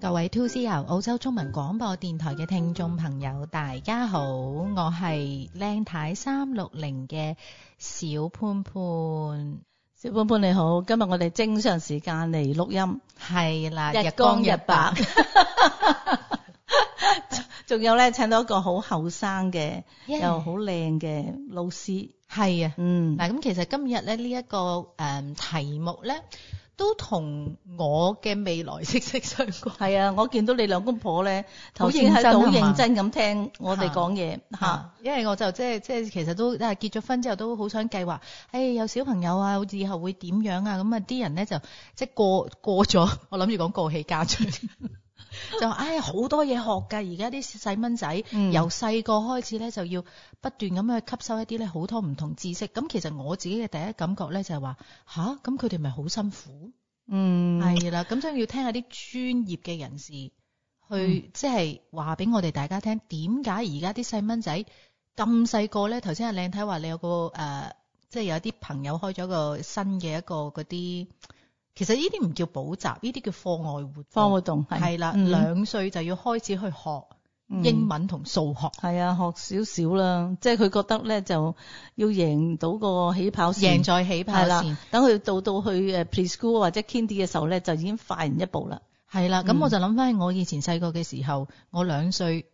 各位 2CO 友，澳洲中文廣播電台嘅聽眾朋友，大家好，我係靚太三六零嘅小潘潘。小潘潘你好，今日我哋正常時間嚟錄音，係啦，日光日白。 仲有咧，請到一個好後生嘅又好靚嘅老師。係啊，嗯啊、這個，嗯。嗱咁其實今日咧呢一個誒題目咧，都同我嘅未來息息相關。係啊，我見到你兩公婆咧，好 認真，好認真咁嗎聽我哋講嘢嚇。因為我就即係即係其實都啊結咗婚之後都好想計劃，誒、哎、有小朋友啊，好似以後會點樣啊？咁啊啲人咧就即係過過咗，我諗住講過氣家娶家長。 就唉好、哎、多嘢學㗎，而家啲細蚊仔、嗯、由細個開始咧，就要不斷咁樣去吸收一啲咧好多唔同知識。咁、嗯、其實我自己嘅第一感覺咧就係話吓，咁佢哋咪好辛苦？嗯，係啦，咁所以要聽下啲專業嘅人士去、嗯、即係話俾我哋大家聽，點解而家啲細蚊仔咁細個咧？頭先阿靚太話你有個誒，即、呃、係、就是、有啲朋友開咗個新嘅一個嗰啲。其實呢啲唔叫補習，呢啲叫課外活課外活動係啦，的嗯、兩歲就要開始去學英文同數學係啊、嗯，學少少啦，即係佢覺得咧就要贏到個起跑線，贏在起跑線。係啦，等佢到到去誒 preschool 或者 kindy 嘅時候咧，就已經快人一步啦。係啦，咁我就諗翻起我以前細個嘅時候，嗯、我兩歲，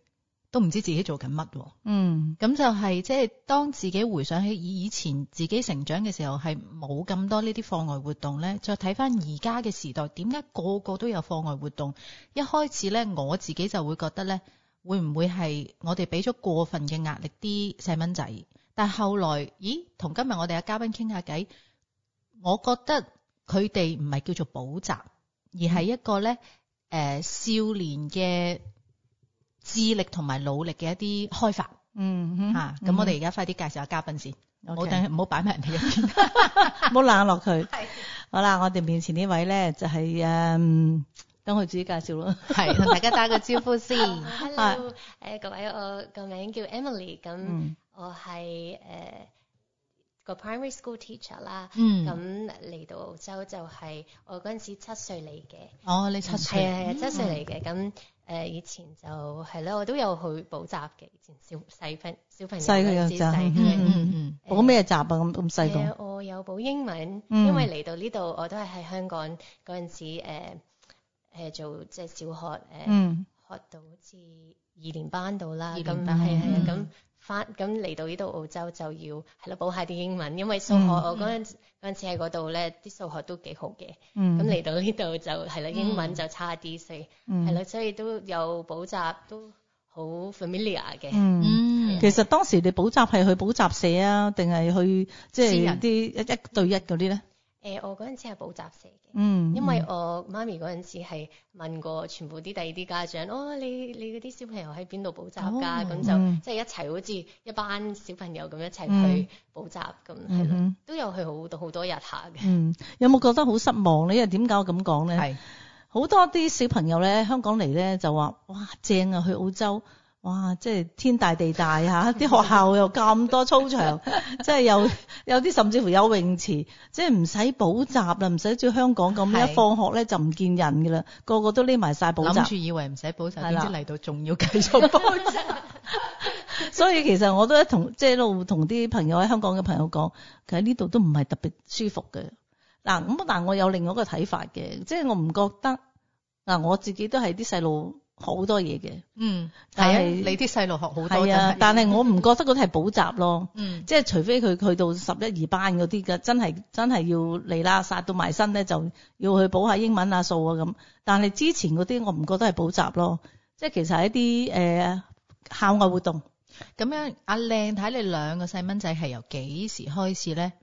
都唔知自己做緊乜喎。嗯，咁就係即係當自己回想起以前自己成長嘅時候，係冇咁多呢啲課外活動咧。再睇翻而家嘅時代，點解個個都有課外活動？一開始咧，我自己就會覺得咧，會唔會係我哋俾咗過分嘅壓力啲細蚊仔？但係後來，咦，同今日我哋嘅嘉賓傾下偈，我覺得佢哋唔係叫做補習，而係一個咧，誒、呃，少年嘅。智力同埋努力嘅一啲開發，嗯，吓，咁我哋而家快啲介紹下嘉賓先，唔好等，唔好擺埋人哋一邊，唔好冷落佢。係，好啦，我哋面前呢位咧就係誒，等佢自己介紹咯，係同大家打個招呼先。Hello，誒各位，我個名叫 Emily，咁我係誒個 primary school teacher 啦，咁嚟到澳洲就係我嗰陣時七歲嚟嘅。哦，你七歲？係啊係啊，七歲嚟嘅，咁、嗯。誒以前就係啦，我都有去補習嘅，以前小細朋小，小朋友，細佢又就係嗯嗯嗯，補咩 習啊？咁咁細個、呃，我有補英文，因為嚟到呢度、嗯，我都係喺香港嗰陣時誒、呃、做即係小學誒、呃嗯、學到好似二年班度啦，咁係係咁。嗯翻咁嚟到呢度澳洲就要係啦補下啲英文，因為數學、嗯嗯、我嗰陣嗰陣時喺嗰度咧啲數學都幾好嘅，咁嚟、嗯、到呢度就係啦英文就差啲，所以係啦所以都有補習都好 familiar 嘅。嗯，對其實當時你補習係去補習社啊，定係去即係啲一對一嗰啲咧？誒，我嗰陣時係補習社嘅，嗯、因為我媽咪嗰陣時係問過全部啲第二啲家長，嗯、哦，你你嗰啲小朋友喺邊度補習㗎、啊？咁、嗯、就即係一齊好似一班小朋友咁一齊去補習咁，係啦、嗯，都有去好好多日下嘅。嗯，有冇覺得好失望咧？因為點解我咁講咧？係好是多啲小朋友咧，香港嚟咧就話，哇，正啊，去澳洲。哇！即係天大地大嚇，啲學校又咁多操場， 即係又有啲甚至乎有泳池，即係唔使補習啦，唔使即係香港咁是一放學咧就唔見人噶啦，個個都匿埋晒補習，諗住以為唔使補習，點知嚟到仲要繼續補習。 所以其實我都同即係一路同啲朋友喺香港嘅朋友講，其實呢度都唔係特別舒服嘅。嗱咁，但係我有另外一個睇法嘅，即係我唔覺得嗱，我自己都係啲細路。好多嘢嘅，嗯，係啊，你啲細路學好多，係啊，但係我唔覺得嗰啲係補習咯，嗯，即係除非佢去到十一二班嗰啲嘅，真係真係要嚟啦，殺到埋身咧，就要去補下英文啊、數啊咁。但係之前嗰啲我唔覺得係補習咯，即係其實係一啲誒、呃、校外活動。嗯、咁樣阿靚，睇你兩個細蚊仔係由幾時開始咧？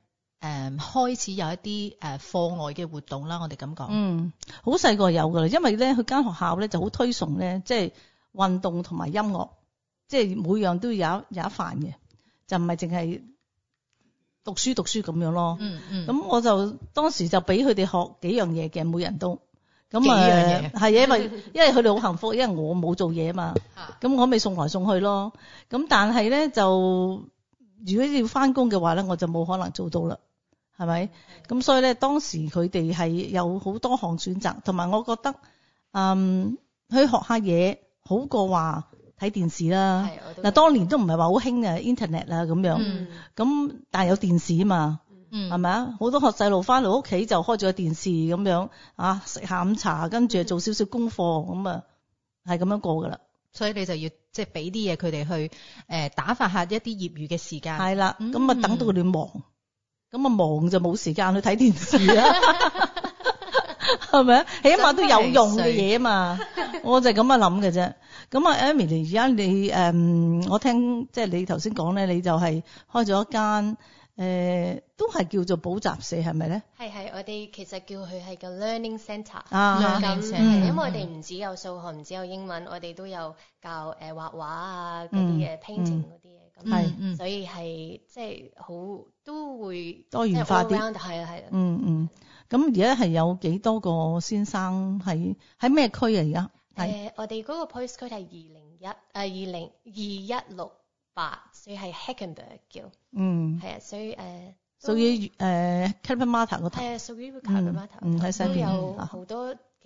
誒，開始有一啲誒課外嘅活動啦，我哋咁講。嗯，好細個有噶啦，因為咧佢間學校咧就好推崇咧，即係運動同埋音樂，即係每樣都有有一份嘅，就唔係淨係讀書讀書咁樣咯。嗯咁，嗯、我就，嗯、當時就俾佢哋學幾樣嘢嘅，每人都，幾樣嘢。係、呃、因為因為佢哋好幸福， 因為我冇做嘢啊嘛。吓、啊。咁我咪送嚟送去咯。咁但係咧就如果要翻工嘅話咧，我就冇可能做到啦。係咪？咁所以咧，當時佢哋係有好多項選擇，同埋我覺得，嗯，嗯去學下嘢好過話睇電視啦。係，嗱，當年都唔係話好興嘅 internet 啦，咁樣。嗯。咁但係有電視啊嘛，嗯，係咪啊？好多學細路翻嚟屋企就開咗個電視咁樣，啊，食下午茶，跟住做少少功課，咁啊，係咁樣過㗎啦。所以你就要即係俾啲嘢佢哋去，誒，打發一下一啲業餘嘅時間。係啦了。咁啊、嗯，嗯、等到佢哋忙。咁啊忙就冇時間去睇電視啦，係咪啊？起碼都有用嘅嘢嘛，我就係咁啊諗嘅啫。咁啊，Emily，而家你誒，我聽即係你頭先講咧，你就係開咗一間誒，都係叫做補習社，係咪咧？係係，我哋其實叫佢係個 learning centre 啊，咁因為我哋唔止有數學，唔止有英文，我哋都有教誒畫畫啊嗰啲嘢，painting 嗰啲嘢。係，嗯嗯、所以係即係好都會多元化啲，係啊係啊，嗯嗯。咁而家係有幾多個先生係喺咩區啊？而家，誒、呃，我哋嗰個 postcode 係二零一誒二零二一六八，20, 68, 所以係 Hackney 叫，嗯，係啊，所以誒，呃、屬於誒 Carpenter Market 嗰頭，誒、呃，都屬於 Carpenter Market，嗯，喺上、嗯、邊、嗯、有好多。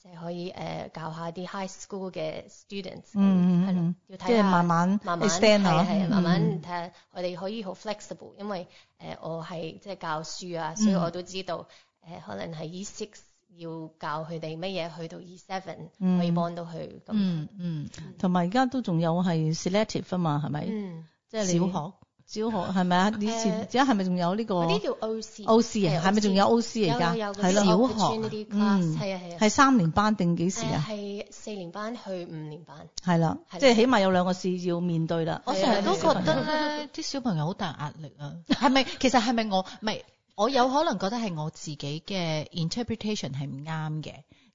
即係可以誒、呃、教下啲 high school 嘅 students，嗯嗯嗯，係咯，要睇下，即係慢慢慢慢，係係慢慢睇下、嗯、我哋可以好 flexible，因為誒、呃、我係即係教書啊，所以我都知道誒、呃、可能係 E six 要教佢哋乜嘢，去到 E seven、嗯、可以幫到佢咁。嗯嗯，同埋而家都仲有係 selective 啊嘛，係咪、嗯？嗯，是是嗯即係小學。小學係咪啊？以前而家係咪仲有呢個？呢叫 O C O C 啊，係咪仲有 O C 而家？係啦，小學。嗯，係啊係啊，係三年班定幾時啊？係四年班去五年班。係啦，即係起碼有兩個試要面對啦。我成日都覺得咧，啲小朋友好大壓力啊。係咪？其實係咪我咪？我有可能覺得係我自己嘅 interpretation 係唔啱嘅，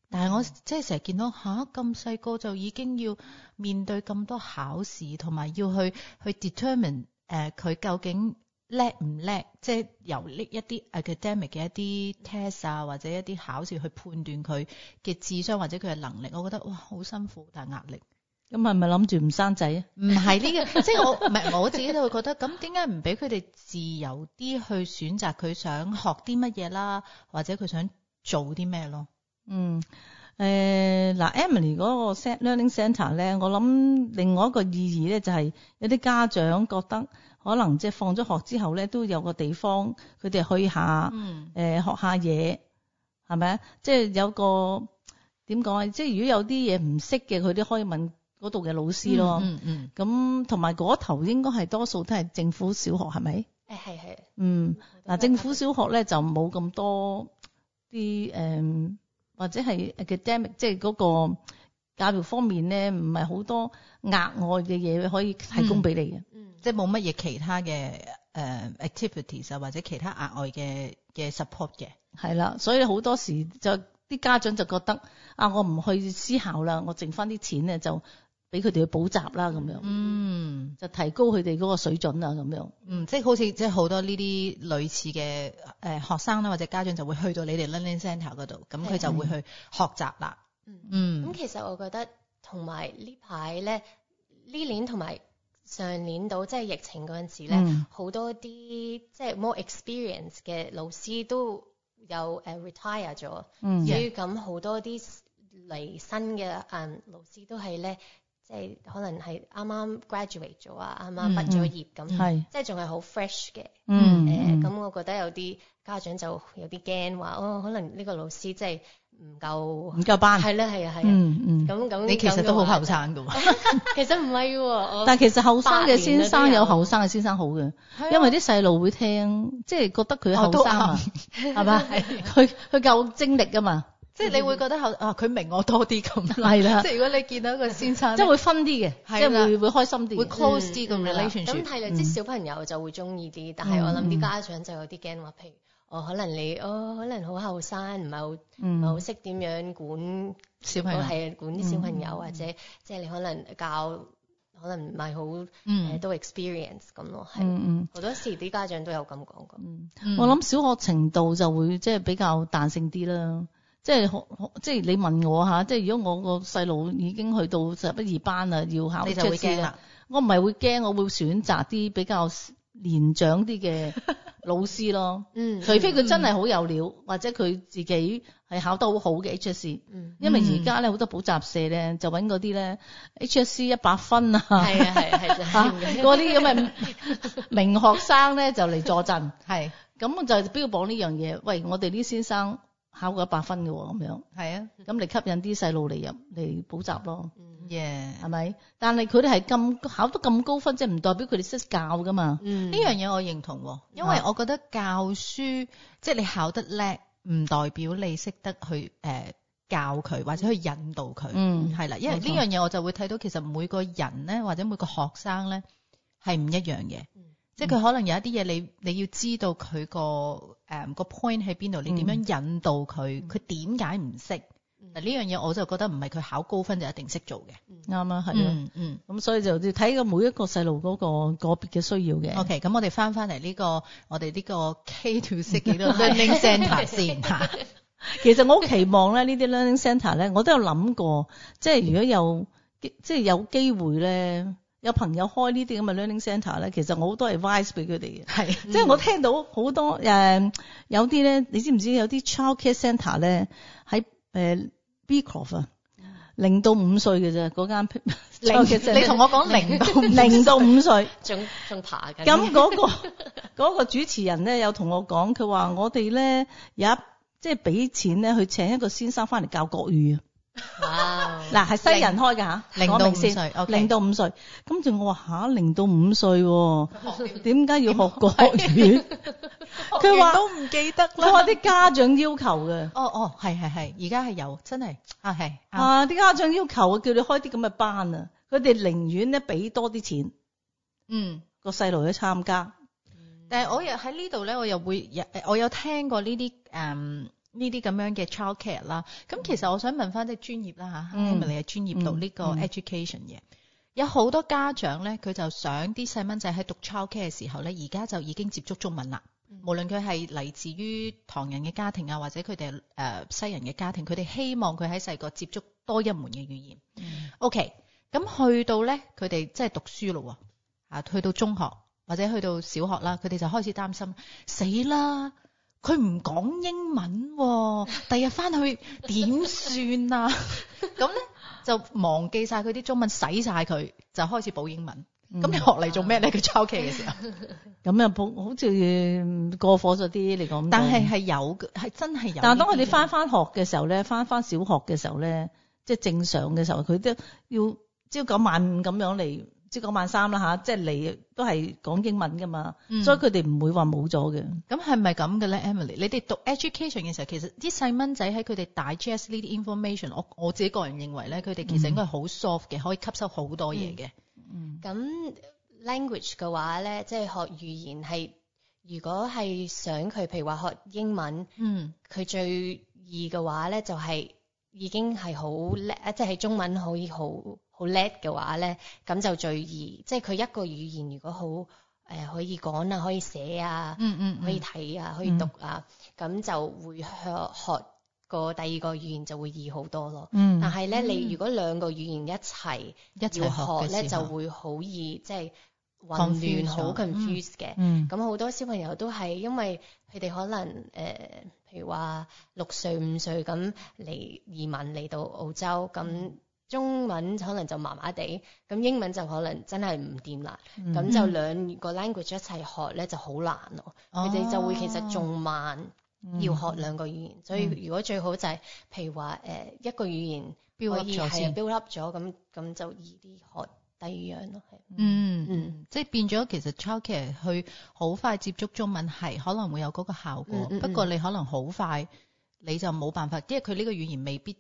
但係我即係成日見到吓咁細個就已經要面對咁多考試，同埋要去去 determine。誒，佢、呃、究竟叻唔叻？即係由呢一啲 academic 嘅一啲 test 啊，或者一啲考試去判斷佢嘅智商或者佢嘅能力，我覺得哇，好辛苦，但係壓力。咁係咪諗住唔生仔啊？唔係呢個， 即係我唔係我自己都會覺得，咁點解唔俾佢哋自由啲去選擇佢想學啲乜嘢啦，或者佢想做啲咩咯？嗯。誒，嗱、uh,，Emily 嗰個 set learning center 咧 learn、right? mm，我諗另外一個意義咧，就係有啲家長覺得可能即係放咗學之後咧，都有個地方佢哋去下，嗯，誒，學下嘢，係咪啊？即係有個點講啊？即係如果有啲嘢唔識嘅，佢哋可以問嗰度嘅老師咯。嗯嗯。咁同埋嗰頭應該係多數都係政府小學，係咪？誒，係係。嗯，嗱，政府小學咧就冇咁多啲誒。或者係嘅即係嗰個教育方面咧，唔係好多額外嘅嘢可以提供俾你嘅，嗯，即係冇乜嘢其他嘅誒、uh, activities 啊，或者其他額外嘅嘅 support 嘅。係啦，所以好多時就啲家長就覺得啊，我唔去思考啦，我剩翻啲錢咧就。俾佢哋去補習啦咁樣，嗯，就提高佢哋嗰個水準啊咁樣，嗯，即係好似即係好多呢啲類似嘅誒、呃、學生啦，或者家長就會去到你哋 Learning Centre 嗰度，咁佢、嗯、就會去學習啦，嗯，咁、嗯嗯、其實我覺得同埋呢排咧呢年同埋上年度，即係疫情嗰陣時咧，好、嗯、多啲即係 more experience 嘅老師都有誒 retire 咗，嗯，所以咁好多啲嚟新嘅誒老師都係咧。即係可能係啱啱 graduate 咗啊，啱啱畢咗業咁，嗯、即係仲係好 fresh 嘅。嗯。誒、嗯，咁我覺得有啲家長就有啲驚，話哦、嗯，可能呢個老師即係唔夠唔夠班。係啦，係啊，係啊。嗯嗯。咁、嗯、咁。以你其實都好後生㗎喎。 其實唔係喎，我。但係其實後生嘅先生有後生嘅先生好嘅，因為啲細路會聽，即係覺得佢後生啊，係嘛？係。佢佢夠精力㗎嘛？即係你會覺得後啊，佢明我多啲咁係啦。即係如果你見到個先生，即係會分啲嘅，即係會會開心啲，會 close 啲咁 r e l a 咁係啦，啲小朋友就會中意啲，但係我諗啲家長就有啲驚話，譬如我可能你哦，可能好後生，唔係好唔係好識點樣管小朋友，係管啲小朋友或者即係你可能教可能唔係好都 experience 咁咯，係好多時啲家長都有咁講噶。我諗小學程度就會即係比較彈性啲啦。即係好即係你問我吓，即係如果我個細路已經去到十一二班啦，要考 HSC，你就會驚啦，我唔係會驚，我會選擇啲比較年長啲嘅老師咯。嗯， 除非佢真係好有料， 或者佢自己係考得好好嘅 HSC。 因為而家咧好多補習社咧就揾嗰啲咧 HSC 一百分啊，係啊係係嗰啲咁嘅名學生咧就嚟坐鎮。係，咁就標榜呢樣嘢。喂，我哋啲先生。考過一百分嘅喎、哦，咁樣係啊，咁你吸引啲細路嚟入嚟補習咯，係咪 Yeah.？但係佢哋係咁考得咁高分，即係唔代表佢哋識教噶嘛？呢、嗯、樣嘢我認同、哦，因為我覺得教書、啊、即係你考得叻，唔代表你識得去誒、呃、教佢或者去引導佢，係啦、嗯嗯，因為呢錯樣嘢我就會睇到其實每個人咧或者每個學生咧係唔一樣嘅。即係佢可能有一啲嘢，你你要知道佢個誒個 point 喺邊度，你點樣引導佢？佢點解唔識？嗱呢樣嘢我就覺得唔係佢考高分就一定識做嘅。啱啱係嗯咁、嗯嗯、所以就要睇個每一個細路嗰個個別嘅需要嘅。OK，咁我哋翻翻嚟呢個我哋呢個 key to 識幾多 先嚇。 其實我好期望咧呢啲 learning center 咧，我都有諗過，即係如果有即係有機會咧。有朋友開呢啲咁嘅 learning centre 咧，其實我好多 advice 俾佢哋嘅，是即係我聽到好多誒、呃、有啲咧，你知唔知有啲 child care centre 咧喺、呃、誒 b c o r f 啊，零 0, 到五歲嘅啫，嗰間 c h 你同我講零到零到五歲，仲仲 爬緊。咁嗰、嗰個嗰個主持人咧有同我講，佢話我哋咧有一即係俾錢咧去請一個先生翻嚟教國語啊。哇！嗱，係西人開噶吓，我明先。零到五歲，咁住我話吓，零到五歲，點解要學國語？佢話都唔記得，佢話啲家長要求嘅。哦哦，係係係，而家係有真係啊係啊，啲家長要求啊，叫你開啲咁嘅班啊，佢哋寧願咧俾多啲錢，嗯，個細路去參加。但係我又喺呢度咧，我又會，我有聽過呢啲誒。呢啲咁樣嘅 childcare 啦，咁其實我想問翻即係專業啦嚇，因為、嗯、你係專業讀呢個 education 嘅、嗯，嗯、有好多家長咧，佢就想啲細蚊仔喺讀 childcare 嘅時候咧，而家就已經接觸中文啦。嗯、無論佢係嚟自於唐人嘅家庭啊，或者佢哋誒西人嘅家庭，佢哋希望佢喺細個接觸多一門嘅語言。OK，咁去到咧，佢哋真係讀書咯喎、啊，去到中學或者去到小學啦，佢哋就開始擔心，死啦！佢唔講英文喎、哦，第日翻去點算啊？咁咧 就忘記晒佢啲中文，洗晒佢就開始補英文。咁、嗯、你學嚟做咩咧？佢抄 K 嘅時候，咁樣補好似過火咗啲嚟講。但係係有嘅，係真係有。但係當佢哋翻返學嘅時候咧，翻返小學嘅時候咧，即係正常嘅時候，佢都要朝九晚五咁樣嚟。即係嗰萬三啦嚇，即係你都係講英文噶嘛，嗯、所以佢哋唔會話冇咗嘅。咁係咪咁嘅咧，Emily？你哋讀 education 嘅時候，其實啲細蚊仔喺佢哋 digest 呢啲 information，我我自己個人認為咧，佢哋其實應該係好 soft 嘅，嗯、可以吸收好多嘢嘅。咁、嗯嗯、language 嘅話咧，即係學語言係，如果係想佢，譬如話學英文，嗯，佢最易嘅話咧，就係已經係好叻，即係中文可以好。好叻嘅話咧，咁就最易，即係佢一個語言如果好誒、呃、可以講啊，可以寫啊、嗯，嗯嗯，可以睇啊，可以讀啊，咁、嗯、就會學學個第二個語言就會易好多咯。嗯，但係咧，你如果兩個語言一齊一齊學咧，就會好易即係混亂好 confuse 嘅亂。亂嗯，咁好、嗯、多小朋友都係因為佢哋可能誒、呃，譬如話六歲五歲咁嚟移民嚟到澳洲咁。中文可能就麻麻哋，咁英文就可能真係唔掂啦，咁就兩個 language 一齊學咧就好難咯，佢哋就會其實仲慢，要學兩個語言，所以如果最好就係，譬如話誒一個語言 build 係 build up 咗，咁咁就易啲學第二樣咯，係。嗯嗯，即係變咗其實 childcare 去好快接觸中文係可能會有個效果，不過你可能好快你就冇辦法，即係佢呢個語言未必。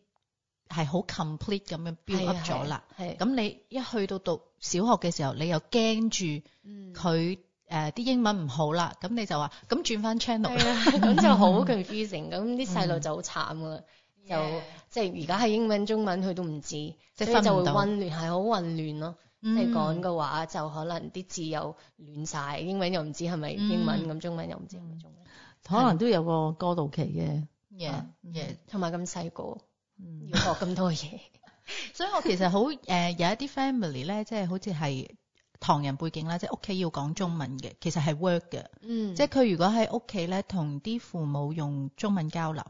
係好 complete 咁樣 build up 咗啦，咁你一去到讀小學嘅時候，你又驚住佢誒啲英文唔好啦，咁你就話咁轉翻 channel，咁就好 confusing，咁啲細路就好慘噶啦，就即係而家係英文、中文佢都唔知，所以就會混亂，係好混亂咯。即係講嘅話，就可能啲字又亂晒，英文又唔知係咪英文，咁中文又唔知係咪中文，可能都有個過渡期嘅。Yes, yes, 同埋咁細個。嗯，要學咁多嘢， 所以我其實好誒、呃，有一啲 family 咧，即係好似係唐人背景啦，即係屋企要講中文嘅，其實係 work 嘅，嗯，即係佢如果喺屋企咧同啲父母用中文交流，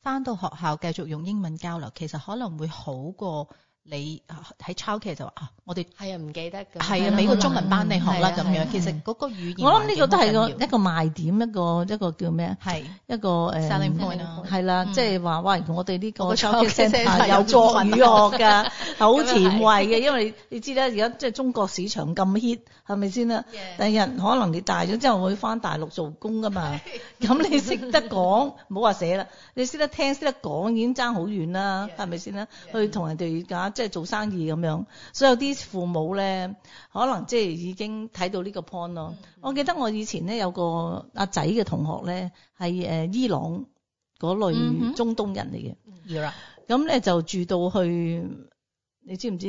翻到學校繼續用英文交流，其實可能會好過。你喺 childcare 就話啊，我哋係啊唔記得㗎，係啊美國中文班你學啦咁樣，其實嗰個語言我諗呢個都係個一個賣點，一個一個叫咩啊？係一個誒，係啦，即係話喂，我哋呢個嘅聲有中文語學㗎，好前衞嘅，因為你知啦，而家即係中國市場咁 hit 係咪先啦？第日可能你大咗之後會翻大陸做工㗎嘛，咁你識得講，冇好話寫啦，你識得聽識得講已經爭好遠啦，係咪先啦？去同人哋即係做生意咁樣，所以有啲父母咧，可能即係已經睇到呢個 point 咯。Mm hmm. 我記得我以前咧有個阿仔嘅同學咧，係誒伊朗嗰類中東人嚟嘅。咁咧、mm hmm. 就住到去，你知唔知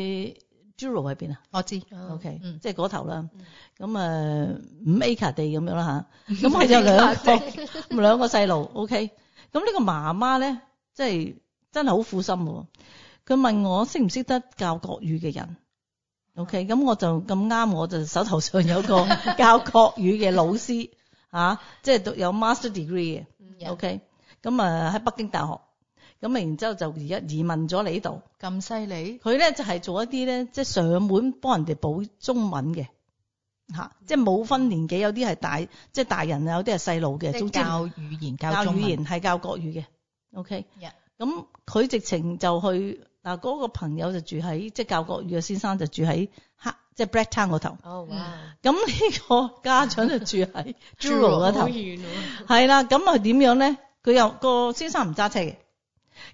Juro 喺邊啊？我知，OK，即係嗰頭啦。咁誒五 acre 地咁樣啦吓，咁係有兩個、mm hmm. 兩個細路。OK，咁呢個媽媽咧，即係真係好苦心喎。佢問我識唔識得教國語嘅人，OK，咁我就咁啱，我就手頭上有個教國語嘅老師，嚇、 啊，即係讀有 master degree 嘅，OK，咁啊喺北京大學，咁啊然之後就而家移民咗嚟呢度，咁犀利？佢咧就係、是、做一啲咧，即係上門幫人哋補中文嘅，嚇、啊，即係冇分年紀，有啲係大，即係大人啊，有啲係細路嘅，總之教語言教中文，係教，教國語嘅，OK，咁佢 Yeah. 直情就去。嗱，嗰個朋友就住喺即係教國語嘅先生就住喺黑即係 Blacktown 嗰頭。哦，咁呢個家長就住喺 Jewell 嗰頭。好遠喎。係啦，咁啊點樣咧？佢又個先生唔揸車嘅，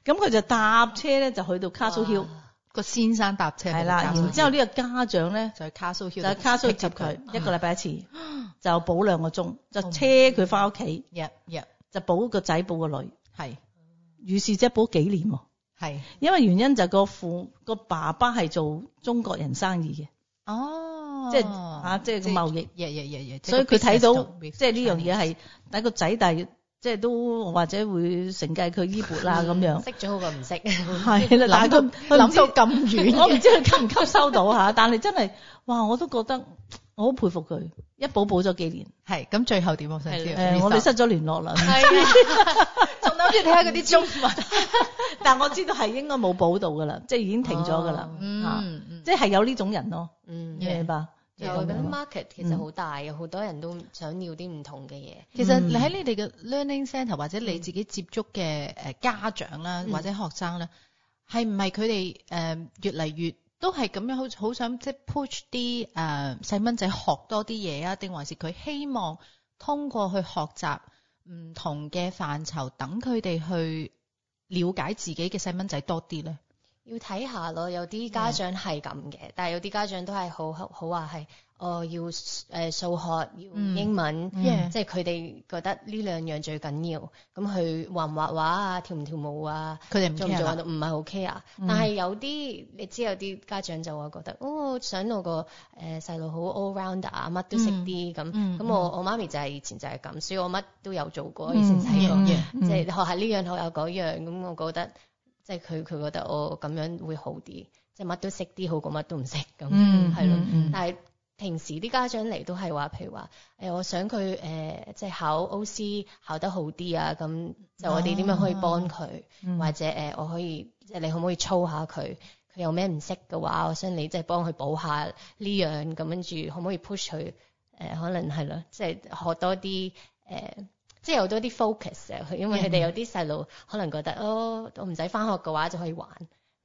咁佢就搭車咧就去到 Castle Hill。個先生搭車，係啦，然之後呢個家長咧就係 Castle Hill 就 Castle 去接佢一個禮拜一次，就補兩個鐘，就車佢翻屋企，約約就補個仔補個女。係，於是即係補幾年喎。係，因為原因就係個父個爸爸係做中國人生意嘅，哦，即係是啊，即係貿易，yeah, yeah, yeah, yeah, 所以佢睇到即係呢樣嘢，係等個仔，但係即係都或者會承繼佢衣缽啦咁樣，識咗好過唔識，係啦 到，諗佢諗到咁遠， 遠 我唔知佢吸唔吸收到吓， 但係真係，哇，我都覺得。我好佩服佢，一保保咗幾年，係咁最後點我想知？誒，我哋失咗聯絡啦，係啊，仲諗住睇下嗰啲中文，但我知道係應該冇保到噶啦，即係已經停咗噶啦，嗯，即係有呢種人咯，嗯，明白？又係嗰啲 market 其實好大嘅，好多人都想要啲唔同嘅嘢。其實你喺你哋嘅 learning centre 或者你自己接觸嘅誒家長啦或者學生啦，係唔係佢哋誒越嚟越？都係咁樣，好好想即係 push 啲誒、呃、細蚊仔學多啲嘢啊，定還是佢希望通過去學習唔同嘅範疇，等佢哋去了解自己嘅細蚊仔多啲咧？要睇下咯，有啲家長係咁嘅，Yeah. 但係有啲家長都係好好話係。哦，要誒、呃、數學，要英文，即係佢哋覺得呢兩樣最緊要。咁佢畫唔畫畫啊，跳唔跳舞啊，佢哋唔做唔做啊，都唔係好 care。但係有啲，你知有啲家長就話覺得，哦，想到個誒細路好 all round 啊、嗯，乜都識啲咁。咁我我媽咪就係以前就係咁，所以我乜都有做過，嗯、以前細個，即係學下呢、這、樣、個、學下嗰、這個這個、樣。咁我覺得，即係佢佢覺得我咁樣會好啲，即係乜都識啲好，好過乜都唔識咁，係咯、嗯，但係。平時啲家長嚟都係話，譬如話，誒、欸，我想佢誒，即、呃、係、就是、考 O C 考得好啲啊，咁就我哋點樣可以幫佢，oh, 或者誒，呃嗯、我可以即係、就是、你可唔可以操下佢？佢有咩唔識嘅話，我想你即係幫佢補下呢、這個、樣，咁跟住可唔可以 push 佢？誒、呃，可能係咯，即係、就是、學多啲誒，即、呃、係、就是、有多啲 focus 啊，因為佢哋有啲細路可能覺得，Yeah. 哦，我唔使返學嘅話就可以玩。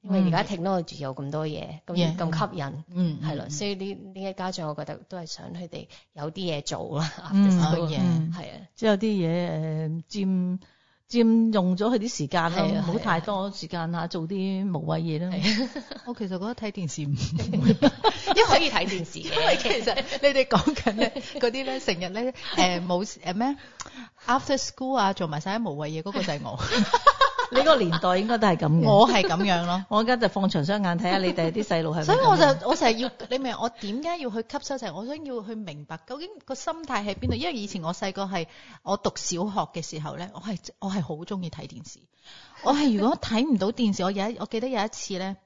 我而家停我住有咁多嘢，咁咁吸引，yeah. Yeah. 嗯，係、嗯、咯，所以呢呢啲家長，我覺得都係想佢哋有啲嘢做啊 a f t e 係啊，即係、um, 有啲嘢誒佔佔用咗佢啲時間咯，唔好太多時間嚇做啲無謂嘢啦。我其實覺得睇電視唔會，因為可以睇電視因為其實你哋講緊咧嗰啲咧，成日咧誒冇誒咩 after school 啊，做埋晒啲無謂嘢，嗰、那個就係我。你個年代應該都係咁嘅，我係咁樣咯。 我而家就放長雙眼睇下你哋啲細路係。所以我就我成日要，你明我點解要去吸收成？就係、我想要去明白究竟個心態喺邊度。因為以前我細個係我讀小學嘅時候咧，我係我係好中意睇電視。我係如果睇唔到電視，我有我記得有一次咧，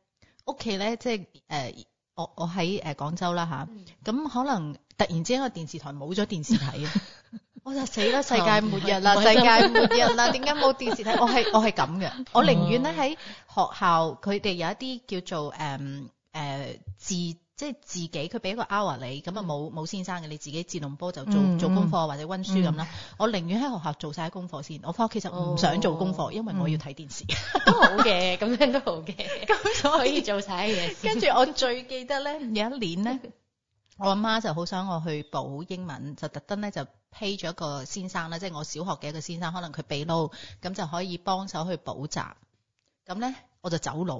屋企咧即係誒，我我喺誒、呃、廣州啦嚇，咁、啊嗯嗯、可能突然之間個電視台冇咗電視睇。 我就死啦！世界末日啦！世界末日啦！點解冇電視睇？我係我係咁嘅，嗯、我寧願咧喺學校，佢哋有一啲叫做誒誒、嗯呃、自即係自己，佢俾個 hour 你，咁啊冇冇先生嘅，你自己自動波就做做功課或者温書咁啦。嗯嗯、我寧願喺學校做晒功課先。我翻屋企就唔想做功課，哦、因為我要睇電視。嗯、 都好嘅，咁樣都好嘅，咁就 可以做晒嘢。跟住我最記得咧， 有一年咧，我阿媽，媽就好想我去補英文，就特登咧就。批咗一個先生啦，即、就、係、是、我小學嘅一個先生，可能佢俾撈，咁就可以幫手去補習。咁咧，我就走佬，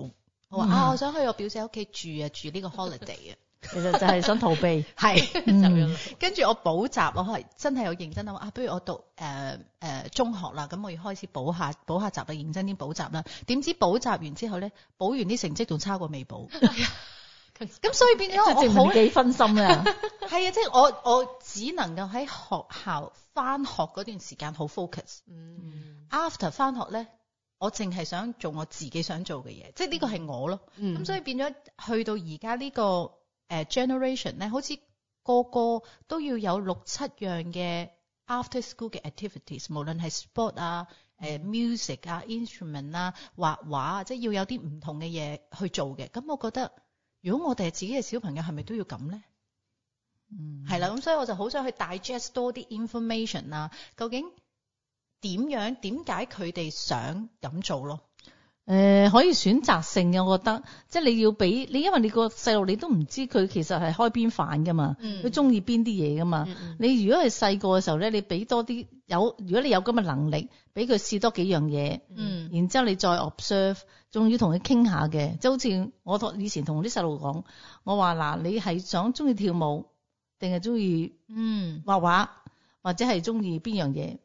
我話、嗯、啊，我想去我表姐屋企住啊，住呢個 holiday 啊。其實就係想逃避，係。 走、嗯、咗。 跟住我補習，我係真係有認真啊。啊，不如我讀誒誒、呃、中學啦，咁我要開始補下補下習啦，rim，認真啲補習啦。點知補習完之後咧，補完啲成績仲差過未補。咁、 嗯、 所以變咗我好幾 分心咧。係 啊、 這個，即係我我。只能夠喺學校返學嗰段時間好 focus。嗯、mm hmm.，after 返學咧，我淨係想做我自己想做嘅嘢，即係呢個係我咯。咁、mm hmm. 所以變咗去到而家呢個誒 generation 咧，好似個個都要有六七樣嘅 after school 嘅 activities，無論係 sport 啊、誒、mm hmm. music 啊、instrument 啊、畫畫，即係要有啲唔同嘅嘢去做嘅。咁我覺得，如果我哋係自己嘅小朋友，係咪都要咁咧？嗯，係啦，咁 所以我就好想去 digest 多啲 information 啦。究竟點樣、點解佢哋想咁做咯？誒、呃，可以選擇性嘅，我覺得即係你要俾你，因為你個細路你都唔知佢其實係開邊瓣噶嘛，佢中意邊啲嘢噶嘛。嗯嗯、你如果係細個嘅時候咧，你俾多啲有，如果你有咁嘅能力，俾佢試多幾樣嘢，嗯，然之後你再 observe，仲要同佢傾下嘅，就好似我同以前同啲細路講，我話嗱，你係想中意跳舞。定係中意嗯，畫畫，或者係中意邊樣嘢？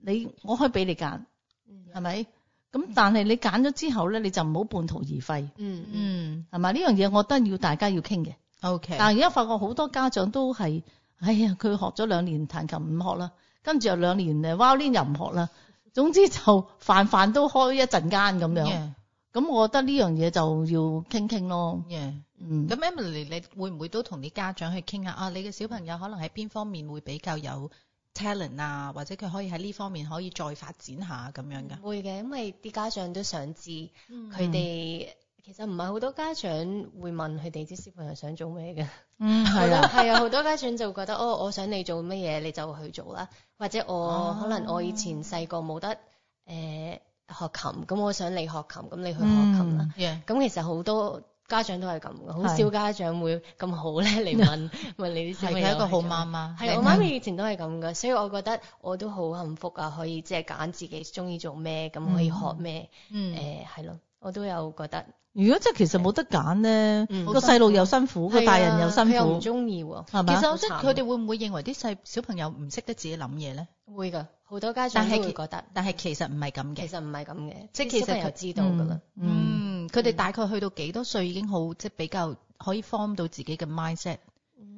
你我可以俾你揀，係咪咁？嗯嗯、但係你揀咗之後咧，你就唔好半途而廢、嗯。嗯嗯，係咪呢樣嘢？我覺得要大家要傾嘅。O K，嗯、但係而家發覺好多家長都係哎呀，佢學咗兩年彈琴唔學啦，跟住又兩年誒，哇呢又唔學啦。總之就煩煩都開一陣間咁樣。嗯嗯嗯嗯咁，我覺得呢樣嘢就要傾傾咯。Yeah. 嗯，咁 Emily，你會唔會都同啲家長去傾下啊？你嘅小朋友可能喺邊方面會比較有 talent 啊，或者佢可以喺呢方面可以再發展下咁樣㗎？會嘅，因為啲家長都想知佢哋、嗯、其實唔係好多家長會問佢哋啲小朋友想做咩嘅。嗯，係啊，係啊， 好多家長就覺得哦，我想你做乜嘢你就去做啦，或者我可能我以前細個冇得誒。呃學琴咁，我想你學琴，咁你去學琴啦。咁、嗯 yeah. 其實好多家長都係咁，好是少家長會咁好咧嚟問 問你啲小朋友。係一個好媽媽，係我媽咪以前都係咁㗎，是所以我覺得我都好幸福啊，可以即係揀自己中意做咩，咁可以學咩，誒、嗯，係咯、嗯。呃我都有覺得，如果即係其實冇得揀咧，個細路又辛苦，個、嗯、大人又辛苦，唔中意喎，係咪啊？吧其實即係佢哋會唔會認為啲細小朋友唔識得自己諗嘢咧？會噶，好多家長都會覺得，但係其實唔係咁嘅，其實唔係咁嘅，即係其實佢知道噶啦，嗯，佢哋、嗯嗯、大概去到幾多歲已經好，即係比較可以 form 到自己嘅 mindset。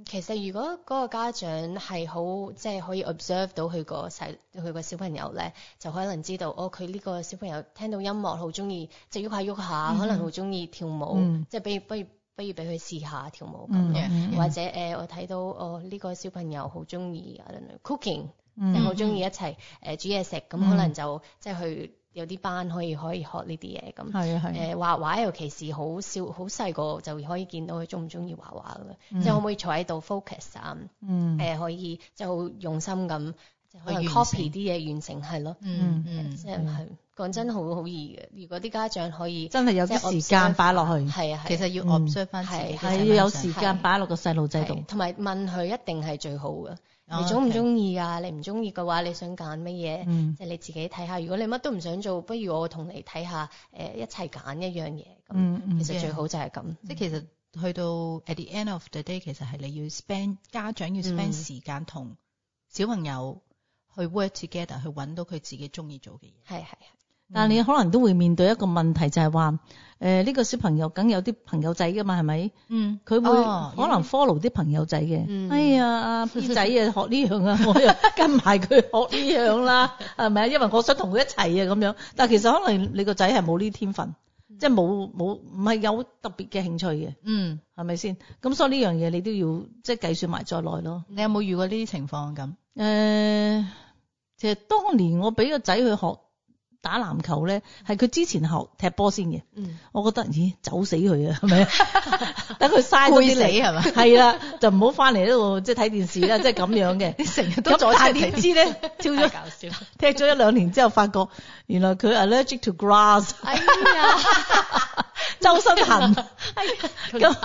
其實如果嗰個家長係好，即係可以 observe 到佢個細佢個小朋友咧，就可能知道哦，佢呢個小朋友聽到音樂好中意，即係喐下喐下，可能好中意跳舞，即係、嗯、不如不如不如俾佢試下跳舞咁咯，或者誒、呃，我睇到哦呢個小朋友好中意 cooking，即係好中意一齊誒、呃、煮嘢食，咁可能就即係去。有啲班可以可以學呢啲嘢咁，係啊係，誒，畫畫尤其是好少好細個就可以見到佢中唔中意畫畫嘅啦，嗯、即係可唔可以坐喺度 focus 啊、嗯？誒、呃，可以即係好用心咁。可能 copy 啲嘢完成係咯，嗯嗯，即係講真，好好易嘅。如果啲家長可以真係有啲時間擺落去，係啊其實要 observe 翻，係要有時間擺落個細路仔度，同埋問佢一定係最好嘅。你中唔中意啊？你唔中意嘅話，你想揀乜嘢？即係你自己睇下。如果你乜都唔想做，不如我同你睇下，誒一齊揀一樣嘢。嗯，其實最好就係咁，即係其實去到 at the end of the day，其實係你要 spend 家長要 spend 時間同小朋友。去 work together 去揾到佢自己中意做嘅嘢，係係但係你可能都會面對一個問題，就係話誒呢個小朋友梗有啲朋友仔噶嘛，係咪？嗯，佢會可能 follow 啲朋友仔嘅。哎呀，阿 B 仔啊學呢樣啊，我又跟埋佢學呢樣啦，係咪？因為我想同佢一齊啊咁樣。但係其實可能你個仔係冇呢啲天分，即係冇冇唔係有特別嘅興趣嘅。嗯，係咪先？咁所以呢樣嘢你都要即係計算埋在內咯。你有冇遇過呢啲情況咁？誒。其實當年我俾個仔去學打籃球咧，係佢之前學踢波先嘅。我覺得咦，走死佢啊，係咪？等佢嘥咗啲力係咪？係啦 ，就唔好翻嚟呢度即係睇電視啦，即係咁樣嘅。成日 天都樣再睇電視超但搞笑。踢咗一兩年之後，發覺原來佢 allergic to grass。 哎呀！周生行， 咁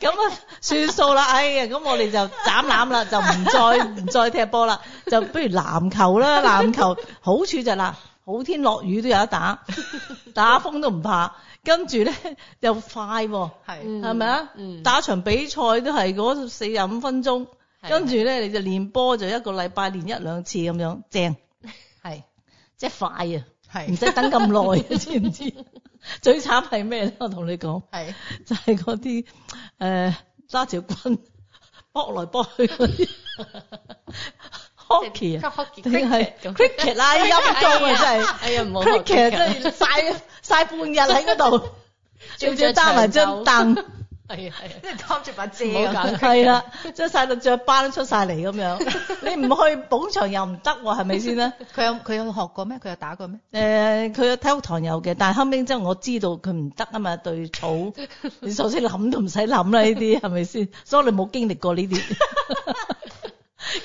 咁啊算數啦，哎呀，咁我哋就斬攬啦，就唔再唔再踢波啦，就不如籃球啦，籃球好處就嗱，好天落雨都有得打，打風都唔怕，跟住咧又快，係係咪啊？打場比賽都係嗰四十五分鐘，跟住咧你就練波就一個禮拜練一兩次咁樣，正係即係快啊，係唔使等咁耐啊， 知唔知？最慘係咩咧？我同你講，係就係嗰啲誒揸條棍搏來搏去啲，hockey 啊，定係 cricket 啊，陰功啊真係真係曬曬半日喺嗰度，揸埋 張凳？ 係啊，即係攬住把遮啊，係啦，即係曬到雀斑出晒嚟咁樣。 你唔去捧場又唔得喎，係咪先咧？佢 有佢有學過咩？佢有打過咩？誒、呃，佢體育堂有嘅，但係後尾即係我知道佢唔得啊嘛，對草。 你首先諗都唔使諗啦，是是呢啲係咪先？所以你冇經歷過呢啲。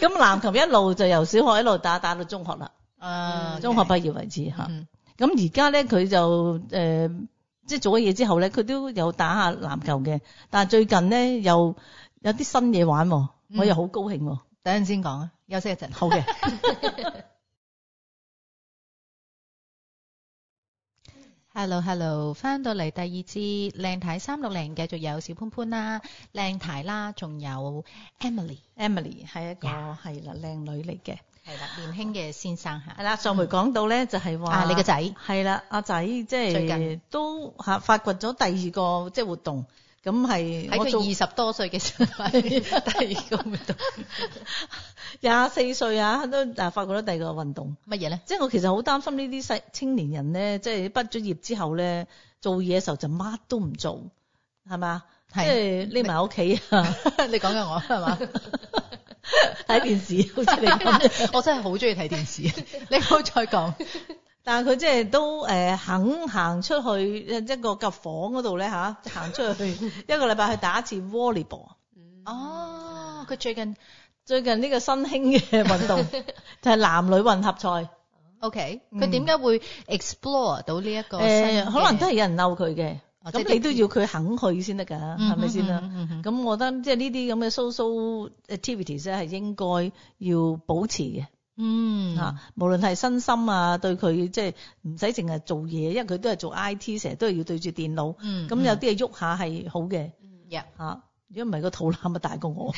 咁籃球一路就由小學一路打打到中學啦。啊，中學畢業為止嚇。咁而家咧，佢、嗯、就誒。嗯即係做咗嘢之後咧，佢都有打下籃球嘅。但係最近咧又有啲新嘢玩，我又好高興。嗯、等陣先講啊，休息一陣。好嘅的 ，Hello Hello，翻到嚟第二支靚太三六零，繼續有小潘潘啦、啊、靚太啦，仲有 Emily，Emily 係一個係啦靚女嚟嘅。係啦，年輕嘅先生嚇。係啦，上回講到咧就係話，啊，你個仔。係啦，阿仔即係最近都嚇發掘咗第二個即係活動，咁係喺佢二十多歲嘅時候。第二個活動，廿四歲啊，都啊發掘咗第二個運動。乜嘢咧？即係我其實好擔心呢啲細青年人咧，即係畢咗業之後咧，做嘢嘅時候就乜都唔做，係嘛？即係匿埋喺屋企啊！你講緊我係嘛？睇電視好似你我真係好中意睇電視。 電視 你好再，再講？但係佢即係都誒肯行出去一個間房嗰度咧吓，行出去一個禮拜去打一次 volleyball。 哦，佢最近最近呢個新興嘅運動 就係男女混合賽。OK，佢點解會 explore 到呢一個、嗯呃？可能都係有人嬲佢嘅。咁你都要佢肯去先得㗎，係咪先啦？咁、嗯嗯、我覺得即係呢啲咁嘅 social activities 咧，係應該要保持嘅。嗯，嚇，無論係身心啊，對佢即係唔使淨係做嘢，因為佢都係做 IT，成日都係要對住電腦。咁有啲嘢喐下係好嘅。嗯。嚇，如果唔係個肚腩啊大過我。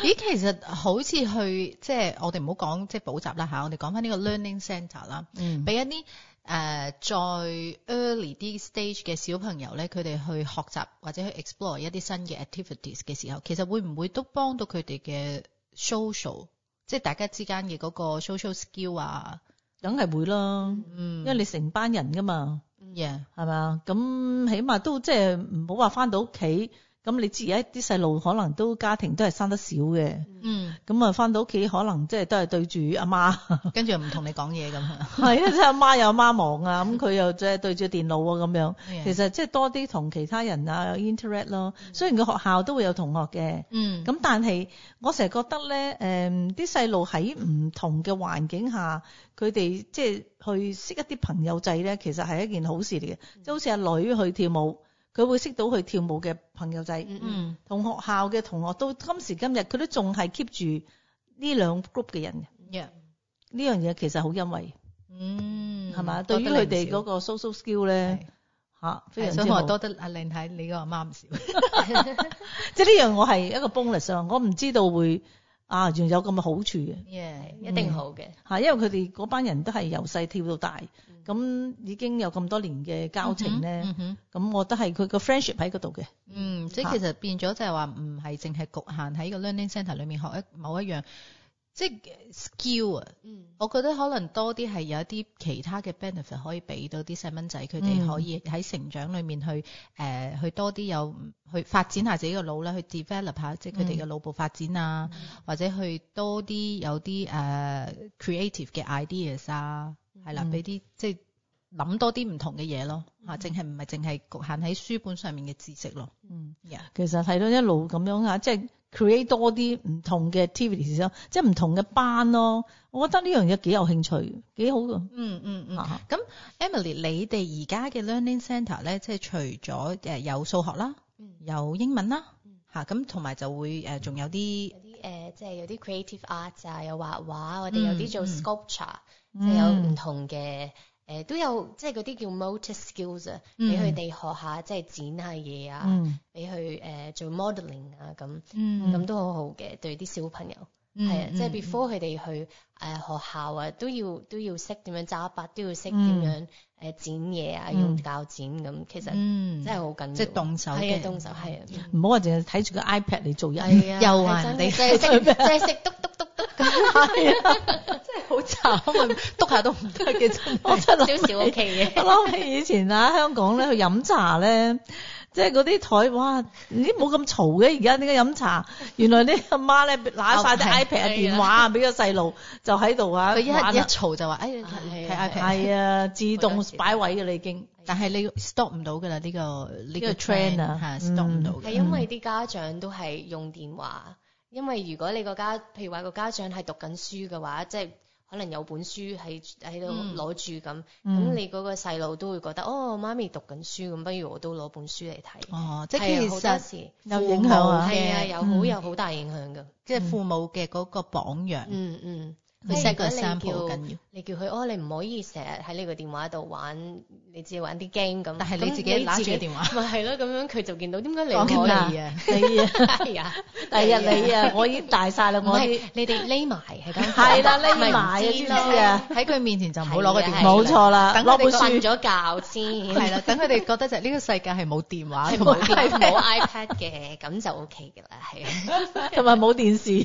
咦 其實好似去即係、就是、我哋唔好講即係補習啦嚇，我哋講返呢個 learning centre 啦。嗯。俾一啲。誒，再、uh, early 啲 stage 嘅小朋友咧，佢哋去學習或者去 explore 一啲新嘅 activities 嘅時候，其實會唔會都幫到佢哋嘅 social，即係大家之間嘅嗰個 social skill 啊，梗係會啦，嗯，因為你成班人噶嘛，嗯 Yeah.，係咪啊？咁起碼都即係唔好話翻到屋企。咁你知而家啲細路可能都家庭都係生得少嘅，嗯，咁啊翻到屋企可能即係都係對住阿媽，跟住唔同你講嘢咁，係 啊， 即係阿媽有阿媽忙啊，咁佢又即係對住電腦啊咁樣，Yeah. 其實即係多啲同其他人啊有 interact 咯。嗯、雖然個學校都會有同學嘅、嗯嗯，嗯，咁但係我成日覺得咧，誒，啲細路喺唔同嘅環境下，佢哋即係去識一啲朋友仔咧，其實係一件好事嚟嘅，即係好似阿女去跳舞。佢會識到佢跳舞嘅朋友仔，嗯嗯，同學校嘅同學，到今時今日佢都仲係 keep 住呢兩 group 嘅人。呢 Yeah. 樣嘢其實好欣慰，嗯，係嘛吧？對於佢哋嗰個 social skill 咧，嚇對、啊、非常之好。我多得阿靚太你個阿媽唔少，即係呢樣我係一個 bonus 啊！我唔知道會。啊，仲有咁嘅好處嘅，係、yeah, 一定好嘅吓、嗯。因為佢哋嗰班人都係由細跳到大，咁、嗯、已經有咁多年嘅交情咧，咁、嗯嗯嗯、我覺得係佢個 friendship 喺嗰度嘅。嗯，即係其實變咗就係話唔係淨係局限喺個 learning center 裏面學一某一樣。即係 skill 啊，嗯，我覺得可能多啲係有啲其他嘅 benefit 可以俾到啲細蚊仔，佢哋可以喺成長裡面去誒、呃，去多啲有去發展下自己嘅腦啦，去 develop 下即係佢哋嘅腦部發展啊，嗯、或者去多啲有啲誒、uh, creative 嘅 ideas 啊，係啦，俾啲即係諗多啲唔同嘅嘢咯，嚇，淨係唔係淨係局限喺書本上面嘅知識咯，嗯，Yeah. 其實睇到一路咁樣啊，即係。create 多啲唔同嘅 activities 咯，即係唔同嘅班咯，我覺得呢樣嘢幾有興趣，幾好噶、嗯。嗯嗯嗯。咁 Emily，你哋而家嘅 learning centre e 咧，即係除咗誒有數學啦，嗯、有英文啦，吓咁同埋就會誒仲、呃、有啲誒即係有啲、呃就是、creative arts 啊，有畫畫，我哋有啲做 sculpture，即、嗯嗯、有唔同嘅。嗯誒都有即係嗰啲叫 motor skills 啊，俾佢哋學下即係剪下嘢啊，俾佢誒做 modeling 啊咁，咁都好好嘅對啲小朋友，係啊，即係 before 佢哋去誒學校啊，都要都要識點樣揸筆，都要識點樣誒剪嘢啊，用鉸剪咁，其實真係好緊要，即係動手嘅，動手係啊，唔好話淨係睇住個 iPad 嚟做嘢，又話人哋識咩？ 真係啊，真係好慘啊！督下都唔得嘅，真係少少 OK 嘅。我諗起以前啊，香港咧去飲茶咧，即係嗰啲枱哇，啲冇咁嘈嘅。而家點解飲茶？原來咧阿媽咧揦曬啲 iPad 啊、電話啊俾個細路，就喺度啊，佢 一一嘈就話， 哎，睇 iPad。係啊，自動擺位嘅啦已經。但係你 stop 唔到嘅啦，呢、呢個呢個 trend 啊，stop 唔到。係、嗯、因為啲家長都係用電話。因為如果你個家，譬如話個家長係讀緊書嘅話，即係可能有本書喺喺度攞住咁，咁、嗯、你嗰個細路都會覺得，哦，媽咪讀緊書，咁不如我都攞本書嚟睇。哦，即係其實有影響嘅、係啊，有好有好大影響噶、嗯，即係父母嘅嗰個榜樣。嗯嗯。嗯佢 send app 覺得你叫你叫佢哦，你唔可以成日喺呢個電話度玩，你自己玩啲 game 咁。但係你自己攬住個電話，咪係咯？咁樣佢就見到點解你可以你啊？你係啊？第日你啊？我已經大晒啦！我係你哋匿埋係咁係啦，匿埋先喺佢面前就唔好攞個電話，冇錯啦。等佢哋瞓咗覺先，係啦。等佢哋覺得就係呢個世界係冇電話同冇 iPad 嘅，咁就 ok 嘅啦。係同埋冇電視，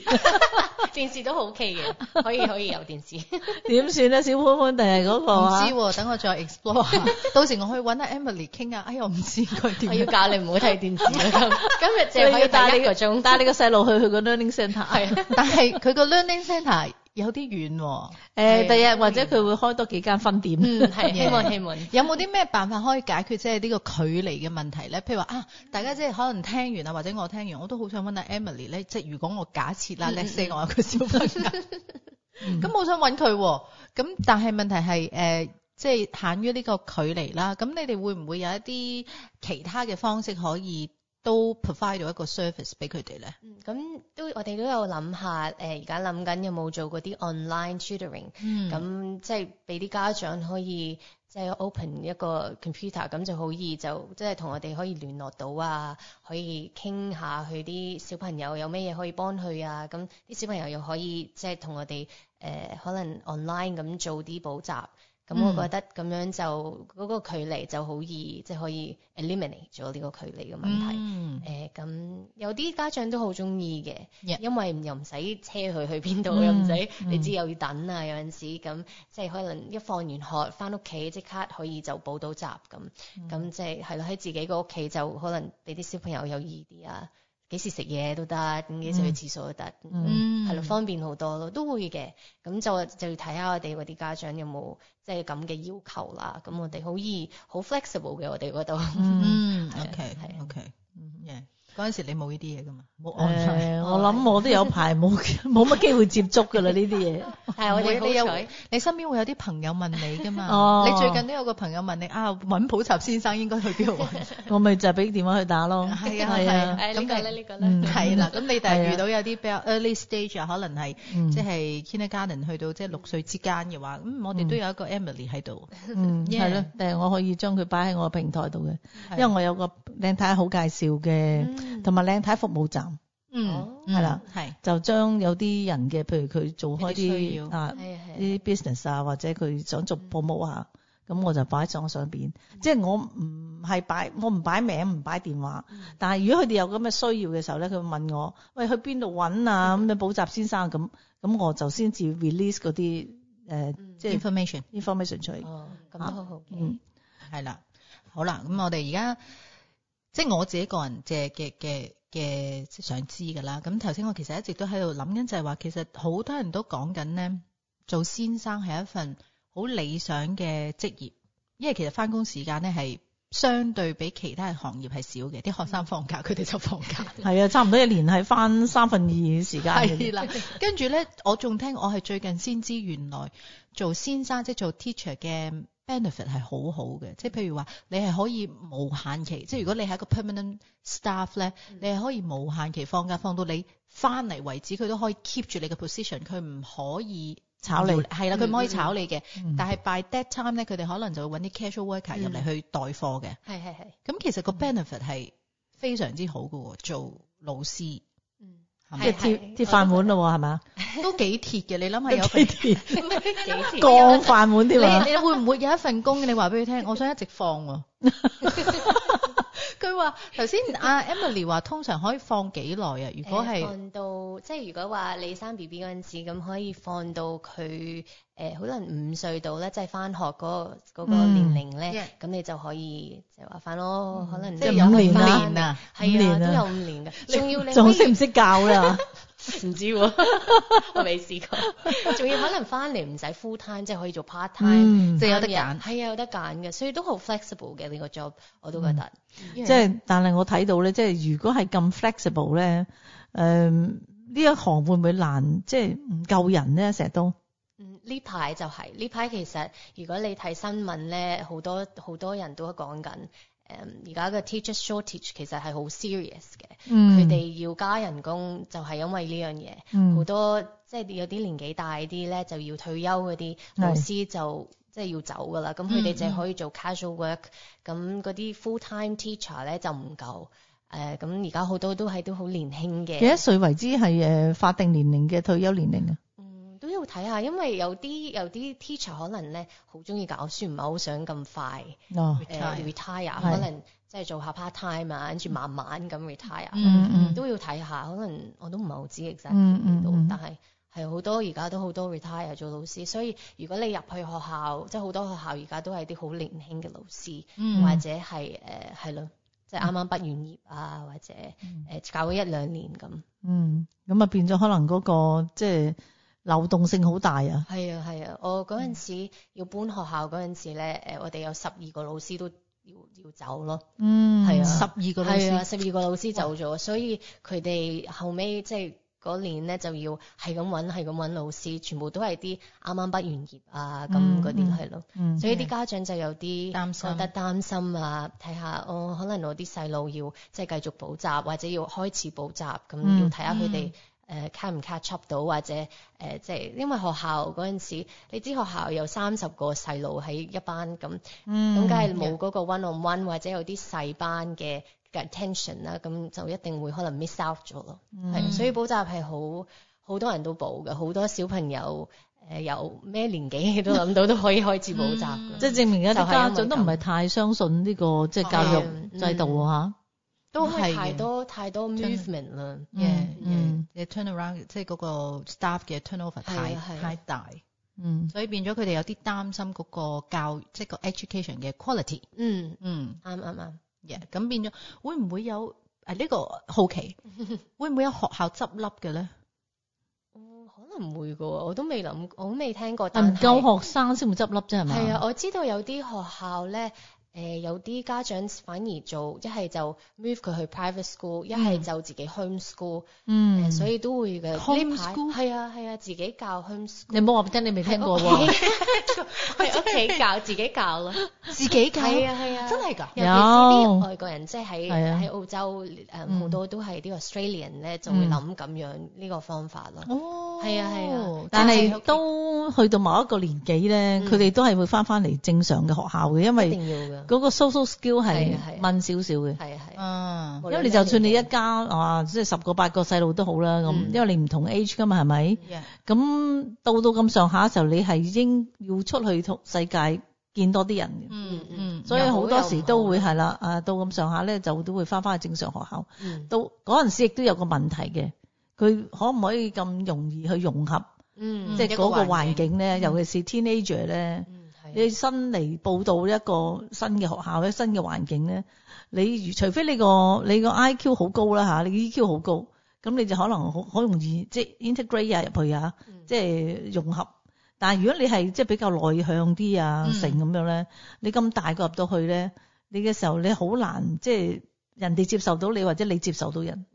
電視都 ok 嘅，可以。可以有電視點算咧？小潘潘定係嗰個？唔知喎，等我再 explore 下。到時我可以揾阿 Emily 傾啊。哎呀，我唔知佢點。我要教你唔好睇電視啊！今日淨係得一個仲帶呢個細路去佢個 learning centre。係，但係佢個 learning centre 有啲遠喎。第日或者佢會開多幾間分店。嗯，係。希望希望。有冇啲咩辦法可以解決即係呢個距離嘅問題咧？譬如話啊，大家即係可能聽完啊，或者我聽完我都好想揾下 Emily 咧。即係如果我假設啦，let's say 我有個小朋友。咁我、嗯、想揾佢、啊，咁但係問題係，誒、呃，即、就、係、是、限於呢個距離啦。咁你哋會唔會有一啲其他嘅方式可以都 provide 到一個 service 俾佢哋咧？咁都、嗯、我哋都有諗下，誒、呃，而家諗緊有冇做嗰啲 online tutoring，咁、嗯、即係俾啲家長可以。即係 open 一個 computer 咁就好易就，即係同我哋可以聯絡到啊，可以傾下佢啲小朋友有咩嘢可以幫佢啊，咁啲小朋友又可以即係同我哋誒、呃、可能 online 咁做啲補習。咁、嗯、我覺得咁樣就嗰、那個距離就好易，即、就、係、是、可以 eliminate 咗呢個距離嘅問題。誒、嗯，咁、呃、有啲家長都好中意嘅，Yeah. 因為又唔使車佢去邊度，嗯、又唔使、嗯、你知又要等啊。有陣時咁，即係可能一放完學翻屋企即刻可以就補到習咁。咁、嗯、即係係咯，喺自己個屋企就可能畀啲小朋友有意啲啊。幾時食嘢都得，咁幾時去廁所都得，嗯，係咯，方便好多咯，都會嘅，咁就就要睇下我哋嗰啲家長有冇即係咁嘅要求啦，咁我哋好易，好 flexible 嘅，我哋嗰度，嗯，OK，係，OK，嗯嗰陣時你冇呢啲嘢噶嘛？冇安排。我諗我都有排冇冇乜機會接觸噶啦呢啲嘢。係我你你位？你身邊會有啲朋友問你噶嘛？你最近都有個朋友問你啊，揾普查先生應該去邊度？我咪就係俾電話佢打咯。係啊係啊，咁㗎呢個啦。係啦，咁你第日遇到有啲比較 early stage 啊，可能係即係 kindergarten 去到即係六歲之間嘅話，咁我哋都有一個 Emily 喺度。嗯。係咯，誒我可以將佢擺喺我平台度嘅，因為我有個。靚太好介紹嘅，同埋靚太服務站，嗯，係啦，係就將有啲人嘅，譬如佢做開啲啊，啲 business 啊，或者佢想做保姆啊，咁我就擺喺網上邊，即係我唔係擺，我唔擺名，唔擺電話，但係如果佢哋有咁嘅需要嘅時候咧，佢問我喂去邊度揾啊咁嘅補習先生咁，咁我就先至 release 嗰啲誒，即係 information，information 出嚟哦，咁都好好，嗯，係啦，好啦，咁我哋而家。即係我自己個人嘅嘅嘅嘅想知㗎啦。咁頭先我其實一直都喺度諗緊就係話，其實好多人都講緊咧，做先生係一份好理想嘅職業，因為其實翻工時間咧係相對比其他行業係少嘅。啲學生放假，佢哋就放假。係啊，差唔多一年係翻三分二時間。 係啦，跟住咧，我仲聽我係最近先知原來做先生即係做 teacher 嘅。benefit 係好好嘅，即係譬如話你係可以無限期，嗯、即係如果你係一個 permanent staff 咧、嗯，你係可以無限期放假放到你翻嚟為止，佢都可以 keep 住你嘅 position，佢唔可以炒你，係啦、嗯，佢唔可以炒你嘅，嗯、但係 by that time 咧，佢哋可能就會揾啲 casual worker 入嚟、嗯、去代課嘅，係係係。咁其實個 benefit 係、嗯、非常之好嘅喎，做老師。 即係 鐵鐵飯碗咯，係嘛？都幾鐵嘅，你諗下有幾鐵，鋼飯 多鐵 碗添啊！ 你會唔會有一份工？嘅？你話俾佢聽，我想一直放、啊 佢話頭先阿 Emily 話通常可以放幾耐啊？如果係，放、欸、到即係如果話你生 B B 嗰陣時，咁可以放到佢，誒、呃、可能五歲度咧，即係翻學嗰個年齡咧，咁、嗯、你就可以即係話翻咯，嗯、可能即係有五年啊，係啊，都的有五年嘅，仲要你仲識唔識教啦？ 唔知喎， 我未沒試過， 仲要可能返嚟唔使 full time，即係可以做 part time，即係、嗯、日有得揀。係啊，有得揀嘅，所以都好 flexible 嘅呢個 job，我都覺得。嗯、為即係，但係我睇到咧，即係如果係咁 flexible 咧、呃，誒呢一行會唔會難，即係唔夠人咧？成日都嗯，呢排就係呢排，其實如果你睇新聞咧，好多好多人都講緊。誒而家嘅 teacher shortage 其實係好 serious 嘅，佢哋、嗯、要加人工就係因為呢樣嘢，好、嗯、多即係、就是、有啲年紀大啲咧就要退休嗰啲是老師就即係、就是、要走㗎啦，咁佢哋淨係可以做 casual work，咁嗰啲 full time teacher 咧就唔夠，誒咁而家好多都係都好年輕嘅。幾多歲為之係誒法定年齡嘅退休年齡啊？都要睇下，因為有啲有啲 teacher 可能咧，好中意教書，唔係好想咁快誒 retire，可能即係做下 part time 啊，跟住慢慢咁 retire，嗯嗯、都要睇下。嗯、可能我都唔係好知，其實佢哋但係係好多而家都好多 retire 做老師。所以如果你入去學校，即係好多學校而家都係啲好年輕嘅老師，嗯、或者係誒係咯，即係啱啱畢完業啊，或者誒教咗一兩年咁、嗯。嗯，咁、嗯、啊變咗可能嗰、嗰個即係。流動性好大啊。係啊，係啊，我嗰陣時要搬學校嗰陣時咧，誒，我哋有十二個老師都要要走咯。嗯，係啊，十二個係啊，十二個老師走咗，哇所以佢哋後尾，即係嗰年咧就要係咁搵，係咁搵老師，全部都係啲啱啱畢完業啊，咁嗰啲係咯。所以啲家長就有啲覺得擔心啊，睇下哦可能我啲細路要即係繼續補習或者要開始補習，咁要睇下佢哋。誒卡唔卡 top 到，或者誒即係，uh, up, or, uh, just, 因為學校嗰陣時，你知學校有三十個細路喺一班咁，咁梗係冇嗰個 one on one 或者有啲細班嘅 attention 啦，咁就一定會可能 miss out 咗咯。係、嗯，所以補習係好好多人都補嘅，好多小朋友誒有咩年紀都諗到都可以開始補習，即係、嗯、證明家長都唔係太相信呢、這個即係、就是、教育制度嚇。嗯嗯都係太多太多 movement 啦 yeah 你 turn around 即係嗰個 staff 嘅 turnover 太太大，嗯，所以變咗佢哋有啲擔心嗰個教即係個 education 嘅 quality，嗯嗯，啱啱啱咁變咗會唔會有啊呢個好奇會唔會有學校執笠嘅咧？可能唔會噶，我都未諗，我都未聽過，但唔夠學生先會執笠啫係咪？係啊，我知道有啲學校咧。誒有啲家長反而做一係就 move 佢去 private school，一係就自己 homeschool，誒所以都會嘅 homeschool 係啊係啊自己教 homeschool。你唔好話真，你未聽過喎，喺屋企教自己教啦，自己教係啊係啊真係㗎。有啲外國人即係喺喺澳洲誒好多都係啲 Australian 咧就會諗咁樣呢個方法咯。哦，係啊係啊，但係都去到某一個年紀咧，佢哋都係會翻返嚟正常嘅學校嘅，因為一定要㗎。嗰個 social skill 係慢少少嘅，因為你就算你一家啊，即係十個八個細路都好啦咁，因為你唔同 age 噶嘛，係咪？咁到到咁上下嘅時候，你係已經要出去同世界見多啲人。嗯嗯，所以好多時都會係啦。啊，到咁上下咧，就都會翻返去正常學校。到嗰陣時亦都有個問題嘅，佢可唔可以咁容易去融合？嗯，即係嗰個環境咧，尤其是 teenager 咧。你新嚟報到一個新嘅學校咧，新嘅環境咧，你除非你個你個 IQ 好高啦嚇，你 EQ 好高，咁你就可能好容易即係 integrate 啊，入去啊，即係融合。但係如果你係即係比較內向啲啊，嗯、成咁樣咧，你咁大個入到去咧，你嘅時候你好難即係人哋接受到你，或者你接受到人。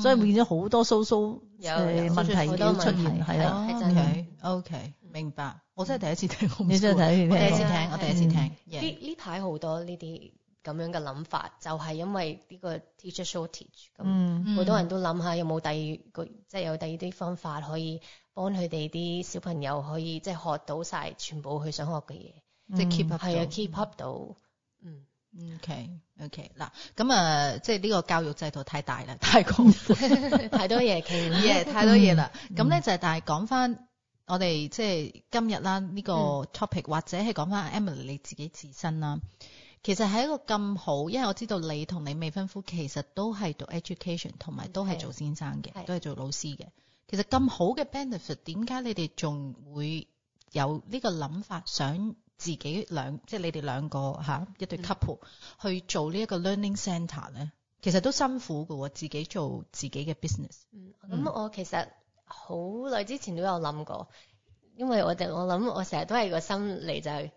所以變咗好多 social 有問題都出現，係啦，係真嘅，OK，明白。我真係第一次睇，我真係第一次聽，第一次聽。呢排好多呢啲咁樣嘅諗法，就係因為呢個 teacher shortage，咁好多人都諗下有冇第二個，即係有第二啲方法可以幫佢哋啲小朋友可以即係學到晒全部佢想學嘅嘢，即係 keep up。係啊，keep up 到，嗯。O K O K 嗱咁啊，即係呢個教育制度太大啦，太廣， 太多嘢企，嘢、 yeah, 太多嘢啦。咁咧就係但係講翻我哋即係今日啦呢個 topic，嗯、或者係講翻 Emily 你自己自身啦。其實係一個咁好，因為我知道你同你未婚夫其實都係讀 education，同埋都係做先生嘅，是都係做老師嘅。是其實咁好嘅 benefit，點解你哋仲會有呢個諗法想？自己兩即係你哋兩個嚇、啊、一對 couple、嗯、去做呢一個 learning centre 咧，其實都辛苦嘅喎，自己做自己嘅 business。嗯，咁我其實好耐之前都有諗過，因為我哋我諗我成日都係個心理就係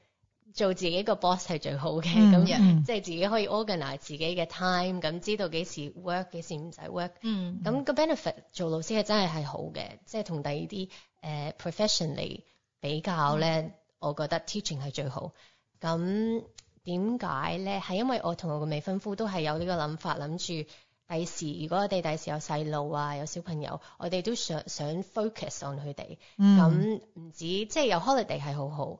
做自己個 boss 係最好嘅，咁即係自己可以 organize 自己嘅 time，咁知道幾時 work 幾時唔使 work。嗯，咁個 benefit 做老師係真係係好嘅，即係同第二啲誒 professional 嚟比較咧。嗯嗯。我覺得 teaching 係最好。咁點解咧？係因為我同我嘅未婚夫都係有呢個諗法，諗住第時如果我哋第時有細路啊，有小朋友，我哋都想想 focus on 佢哋。咁唔、嗯、止即係、就是、有 holiday 係好好，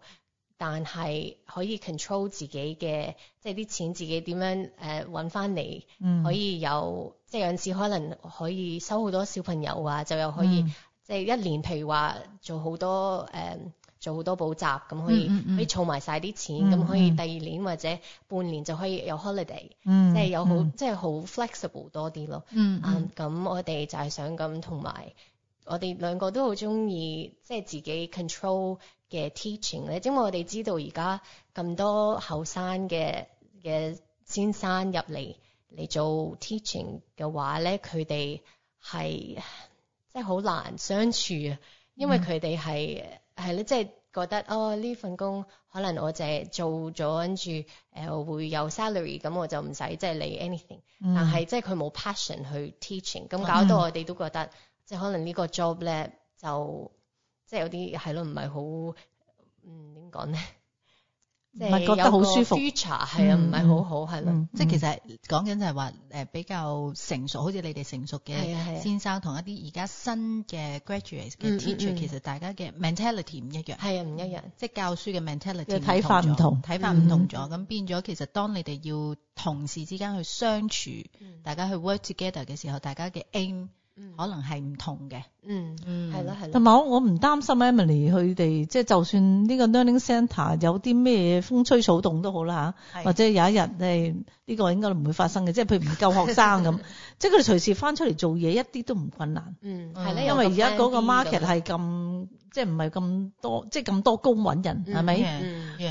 但係可以 control 自己嘅即係啲錢自己點樣誒搵返嚟，uh, 嗯、可以有即係、就是、有陣時可能可以收好多小朋友啊，就又可以即係、嗯、一年，譬如話做好多誒。Uh, 做好多補習咁可以、mm hmm. 可以儲埋晒啲錢，咁、mm hmm. 可以第二年或者半年就可以有 holiday，mm hmm. 即係有好即係好 flexible 多啲咯。嗯、mm，咁、hmm. um, 我哋就係想咁，同埋我哋兩個都好中意即係自己 control 嘅 teaching 咧，因為我哋知道而家咁多後生嘅嘅先生入嚟嚟做 teaching 嘅話咧，佢哋係即係好難相處啊，因為佢哋係。Mm hmm. 係咧，即係覺得哦呢份工可能我淨係做咗跟住誒會有 salary，咁我就唔使即係理 anything、嗯。但係即係佢冇 passion 去 teaching，咁搞到我哋都覺得、嗯、即係可能呢個 job 咧就即係有啲係咯，唔係好嗯點講咧？唔係覺得好舒服，係啊、嗯，唔係好好，係咯，嗯嗯、即係其實講緊就係話，誒比較成熟，好似你哋成熟嘅先生 ers,、嗯，同一啲而家新嘅 graduate 嘅 teacher，其實大家嘅 mentality 唔一樣，係啊、嗯，唔一樣，即係教書嘅 mentality 就睇、嗯、法唔同，睇法唔同咗，咁變咗其實當你哋要同事之間去相處，嗯、大家去 work together 嘅時候，大家嘅 aim, 嗯，可能係唔同嘅，嗯嗯，係咯，係咯，同埋我我唔擔心 Emily 佢哋，即係就算呢個 learning centre 有啲咩風吹草動都好啦吓，或者有一日誒呢個應該唔會發生嘅，即係佢唔夠學生咁，即係佢哋隨時返出嚟做嘢一啲都唔困難，嗯係咧，因為而家嗰個 market 係咁。即係唔係咁多，即係咁多公揾人係咪？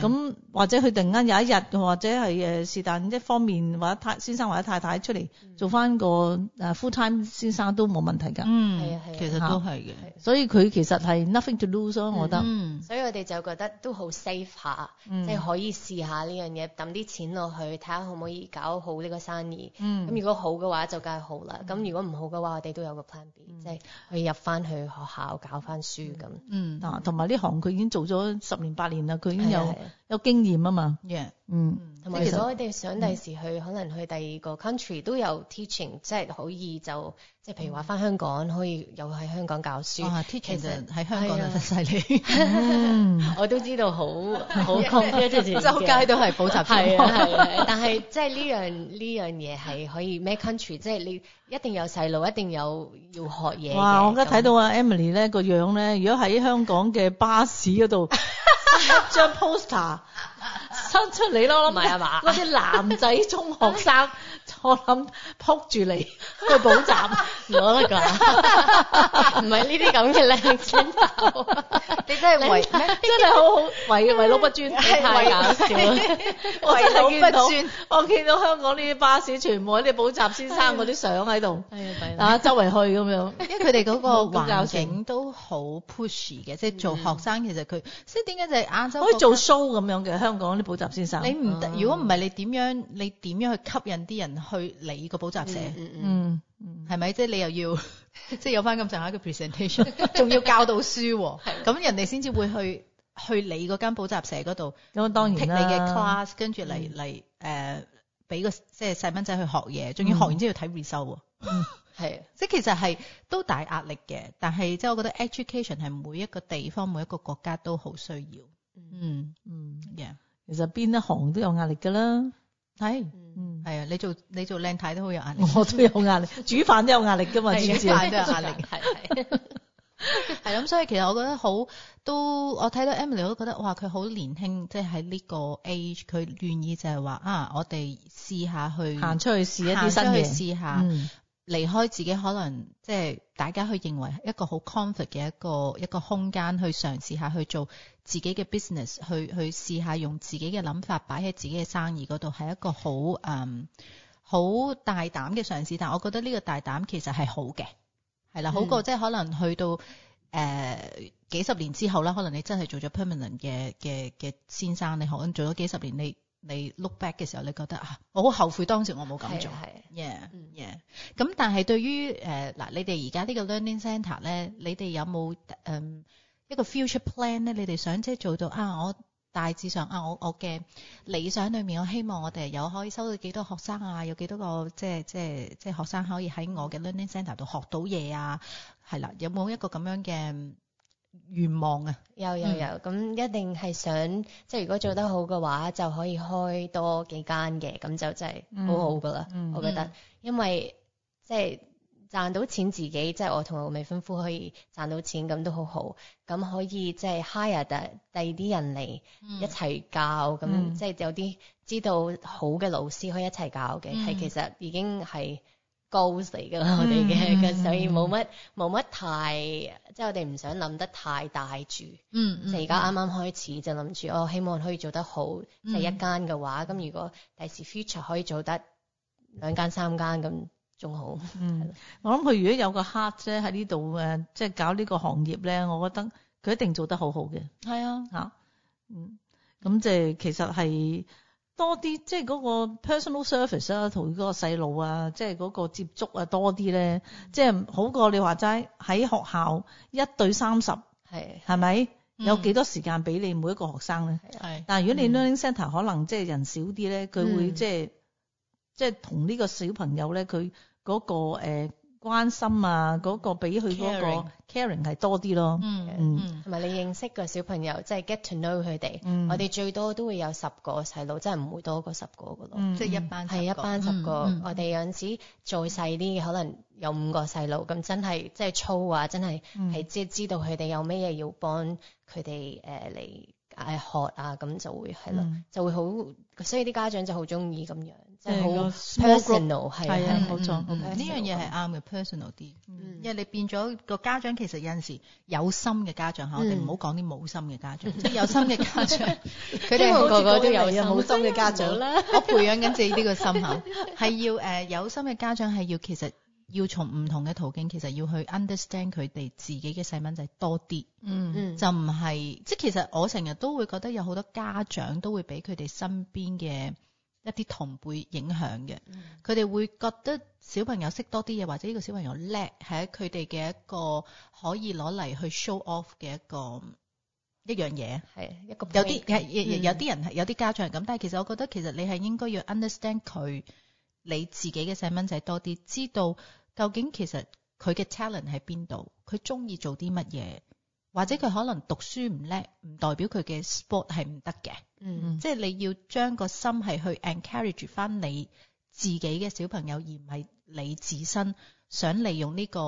咁或者佢突然間有一日，或者係誒是但一方面，或者先生或者太太出嚟做翻個 full time 先生都冇問題㗎。嗯，係、嗯、啊，係啊，嚇，所以佢其實係 nothing to lose 咯、啊，我覺得。嗯、所以我哋就覺得都好 safe 下，即係、嗯、可以試下呢樣嘢，抌啲錢落去睇下可唔可以搞好呢個生意。咁、嗯、如果好嘅話就梗係好啦。咁如果唔好嘅話，我哋都有個 plan B，即係去入翻去學校搞翻書咁。嗯，啊，同埋呢行佢已經做咗十年八年啦，佢 已經有。 有經驗啊嘛，嗯，同埋其實我哋想第時去可能去第二個 country 都有 teaching，即係可以就即係譬如話翻香港可以又喺香港教書。哇，teaching 喺香港就真犀利，我都知道好好 convenient，周街都係補習社。但係即係呢樣呢樣嘢係可以咩 country，即係你一定有細路，一定有要學嘢哇，我而家睇到阿 Emily 咧個樣咧，如果喺香港嘅巴士嗰度。一張 poster 伸出嚟咯，唔係啊嘛，嗰啲男仔中學生。我諗撲住你，去補習，攞得㗎？唔係呢啲咁嘅靚錢，你真係為真係好好為為老不尊，太搞笑啦！為老不尊，我見到香港呢啲巴士全部啲補習先生嗰啲相喺度，啊周圍去咁樣，因為佢哋嗰個環境都好 push 嘅，即係做學生其實佢，即係點解就係亞洲可以做 show 咁樣嘅香港啲補習先生，你唔，如果唔係你點樣你點樣去吸引啲人？去你個補習社，嗯嗯，係咪即係你又要即係有翻咁上下嘅 presentation，仲要教到書，咁人哋先至會去去你嗰間補習社嗰度，咁當然你嘅 class，跟住嚟嚟誒，俾個即係細蚊仔去學嘢，仲要學完之後睇 result，係，即係其實係都大壓力嘅，但係即係我覺得 education 係每一個地方每一個國家都好需要，嗯嗯，其實邊一行都有壓力噶啦。係，嗯，係啊，你做你做靚太都好有壓力，我都有壓力， 煮飯都有壓力㗎嘛，煮飯都有壓力嘅，係係係咁，所以其實我覺得好都，我睇到 Emily 都覺得哇，佢好年輕，即係喺呢個 age，佢願意就係話啊，我哋試下去，行出去試一啲新嘢，試下。嗯離開自己可能即係大家去認為一個好 comfort 嘅一個一個空間，去嘗試下去做自己嘅 business，去去試下用自己嘅諗法擺喺自己嘅生意嗰度，係一個好誒好大膽嘅嘗試。但係我覺得呢個大膽其實係好嘅，係啦，好過即係可能去到誒、呃、幾十年之後啦，可能你真係做咗 permanent 嘅嘅嘅先生，你可能做咗幾十年你。你 look back 嘅時候，你覺得啊，我好後悔當時我冇咁做。係係。Yeah yeah。咁、嗯、但係對於誒嗱、呃，你哋而家呢個 learning centre、呃、咧，你哋有冇誒一個 future plan 咧？你哋想即係做到啊？我大致上啊，我我嘅理想裡面，我希望我哋有可以收到幾多學生啊？有幾多個即係即係即係學生可以喺我嘅 learning centre 度學到嘢啊？係啦，有冇一個咁樣嘅？願望啊，有有有，咁、嗯、一定係想，即、就、係、是、如果做得好嘅話，嗯、就可以開多幾間嘅，咁、嗯、就真係、嗯、好好㗎喇，嗯、我覺得，嗯、因為即係賺到錢自己，即係、嗯就是、我同我未婚夫可以賺到錢，咁都好好，咁可以即係 hire 第啲人嚟一齊教，咁即係有啲知道好嘅老師可以一齊教嘅，係其實已經係。嗯高死 a 㗎啦，嗯、我哋嘅，咁所以冇乜冇乜太，即係我哋唔想諗得太大住、嗯。嗯即係而家啱啱開始就，就諗住哦，希望可以做得好，第、嗯、一間嘅話，咁如果第時 future 可以做得兩間三間咁，仲好。嗯。了我諗佢如果有個 heart 啫喺呢度誒，即、就、係、是、搞呢個行業咧，我覺得佢一定做得好好嘅。係啊。嚇。嗯。咁即係其實係。多啲即係嗰個 personal service 啊，同佢嗰個細路啊，即係嗰個接觸啊多啲咧，嗯、即係好過你話齋喺學校一對三十，係係咪？嗯、有幾多時間俾你每一個學生咧？係。係係但係如果你 learning centre、嗯、可能即係人少啲咧，佢會即係、嗯、即係同呢個小朋友咧，佢嗰、嗰個、呃關心啊，個、嗰個比佢、嗰個 caring 係多啲咯。Mm hmm. 嗯，同埋你認識個小朋友，即、就、係、是、get to know 佢哋、mm。Hmm. 我哋最多都會有十個細路，真係唔會多過十個嘅咯。即係一班。係、hmm. 一班十個，我哋有陣時再細啲，可能有五個細路。咁真係即係粗啊！真係係即係知道佢哋有咩嘢要幫佢哋誒嚟誒學啊！咁就會係咯，就會好。所以啲家長就好中意咁樣。即係好 personal，係，係啊，冇錯，呢樣嘢係啱嘅，personal 啲。因為你變咗個家長，其實有陣時有心嘅家長吓，我哋唔好講啲冇心嘅家長，即係有心嘅家長，佢哋個個都有。冇心嘅家長啦，我培養緊自己呢個心口，係要誒有心嘅家長係要其實要從唔同嘅途徑，其實要去 understand 佢哋自己嘅細蚊仔多啲。嗯嗯，就唔係即係其實我成日都會覺得有好多家長都會俾佢哋身邊嘅。一啲同輩影響嘅，佢哋、嗯、會覺得小朋友識多啲嘢，或者呢個小朋友叻，係佢哋嘅一個可以攞嚟去 show off 嘅一個一樣嘢，係一個有啲有、嗯、有啲人係有啲家長咁，但係其實我覺得其實你係應該要 understand 佢你自己嘅細蚊仔多啲，知道究竟其實佢嘅 talent 喺邊度，佢中意做啲乜嘢。嗯或者佢可能讀書唔叻，唔代表佢嘅 sport 係唔得嘅。嗯，即係你要將個心係去 encourage 翻你自己嘅小朋友，而唔係你自身想利用呢、呢個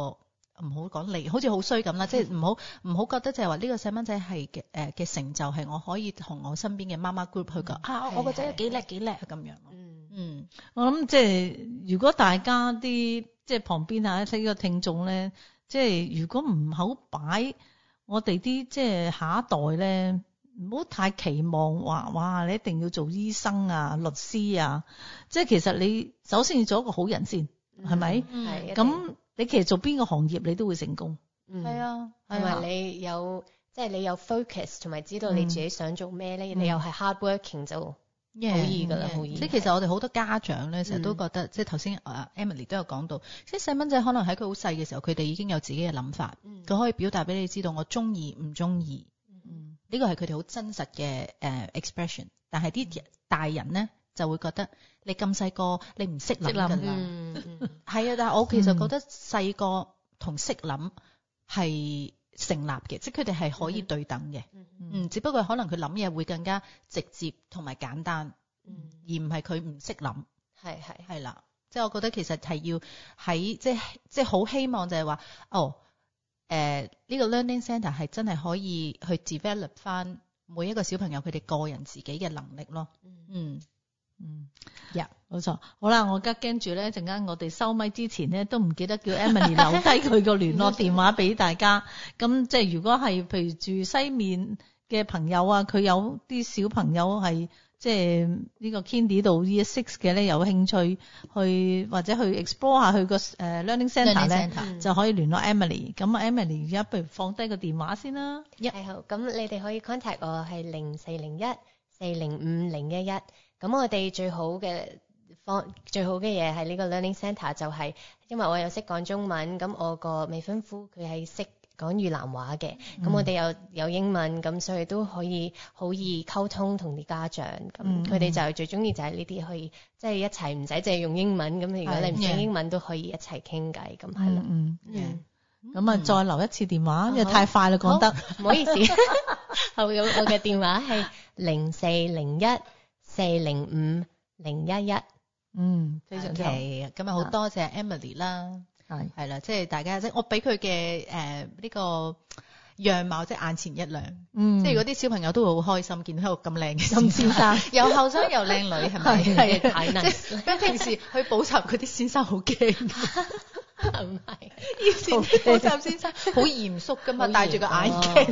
唔好講你，好似好衰咁啦。即係唔好唔好覺得就係話呢個細蚊仔係嘅誒嘅成就係我可以同我身邊嘅媽媽 group 去講、嗯、啊，我個仔有幾叻幾叻啊咁樣。嗯嗯，我諗即係如果大家啲即係旁邊啊，呢個聽眾咧，即係如果唔好擺。我哋啲即係下一代咧，唔好太期望話哇，你一定要做醫生啊、律師啊，即係其實你首先要做一個好人先，係咪、嗯？係啊，咁、嗯、你其實做邊個行業你都會成功。嗯。係啊、嗯，同埋、嗯、你有即係、即係、你有 focus，同埋知道你自己想做咩咧，嗯、你又係 hard working 就。Yeah, 好易噶啦，yeah, 好易。即係其實我哋好多家長咧，成日都覺得，嗯、即係頭先阿 Emily 都有講到，即係細蚊仔可能喺佢好細嘅時候，佢哋已經有自己嘅諗法，佢、嗯、可以表達俾你知道我中意唔中意。嗯，呢個係佢哋好真實嘅誒 expression。但係啲大人咧就會覺得你咁細個，你唔識諗㗎啦。係啊，但係、嗯、 我其實覺得細個同識諗係成立嘅，即係佢哋係可以對等嘅，mm hmm. 嗯，只不過可能佢諗嘢會更加直接同埋簡單，嗯、mm，hmm. 而唔係佢唔識諗，係係係啦，即係我覺得其實係要喺即係即係好希望就係話，哦，誒、呃、呢、呢個 learning centre 係真係可以去 develop 翻每一個小朋友佢哋個人自己嘅能力咯，mm hmm. 嗯。嗯，呀，冇錯。好啦，我而家驚住咧一陣間，我哋收咪之前咧都唔記得叫 Emily 留低佢個聯絡電話俾大家。咁即係如果係譬如住西面嘅朋友啊，佢有啲小朋友係即係呢個 Kindy 到 Year Six 嘅咧，有興趣去或者去 Explore 下佢個誒 Learning Centre e 咧， 就可以聯絡 Emily。咁 Emily 而家不如放低個電話先啦。一 Yeah.、哎，係好。咁你哋可以 contact 我係零四零一四零五零一一。咁我哋最好嘅方最好嘅嘢係呢個 learning centre 就係，因為我又識講中文，咁我個未婚夫佢係識講越南話嘅，咁我哋有有英文，咁所以都可以好易溝通同啲家長，咁佢哋就最中意就係呢啲可以即係一齊唔使淨係用英文。咁如果你唔講英文都可以一齊傾偈咁係咯。嗯，咁啊，再留一次電話，因為太快啦講得唔好意思。後有我嘅電話係零四零一。四零五零一一，5，嗯，非常奇，今日好多謝 Emily 啦，係係啦，即係大家即係、就是、我俾佢嘅誒呢個樣貌，即、就、係、是、眼前一亮，嗯，即係如果啲小朋友都會好開心見到一個咁靚嘅林先生，嗯、又後生又靚女，係咪 吧？係太靚，即係平時去補習嗰啲先生好驚。 唔係？ 以前啲補習先生好嚴肅噶嘛，戴住個眼鏡。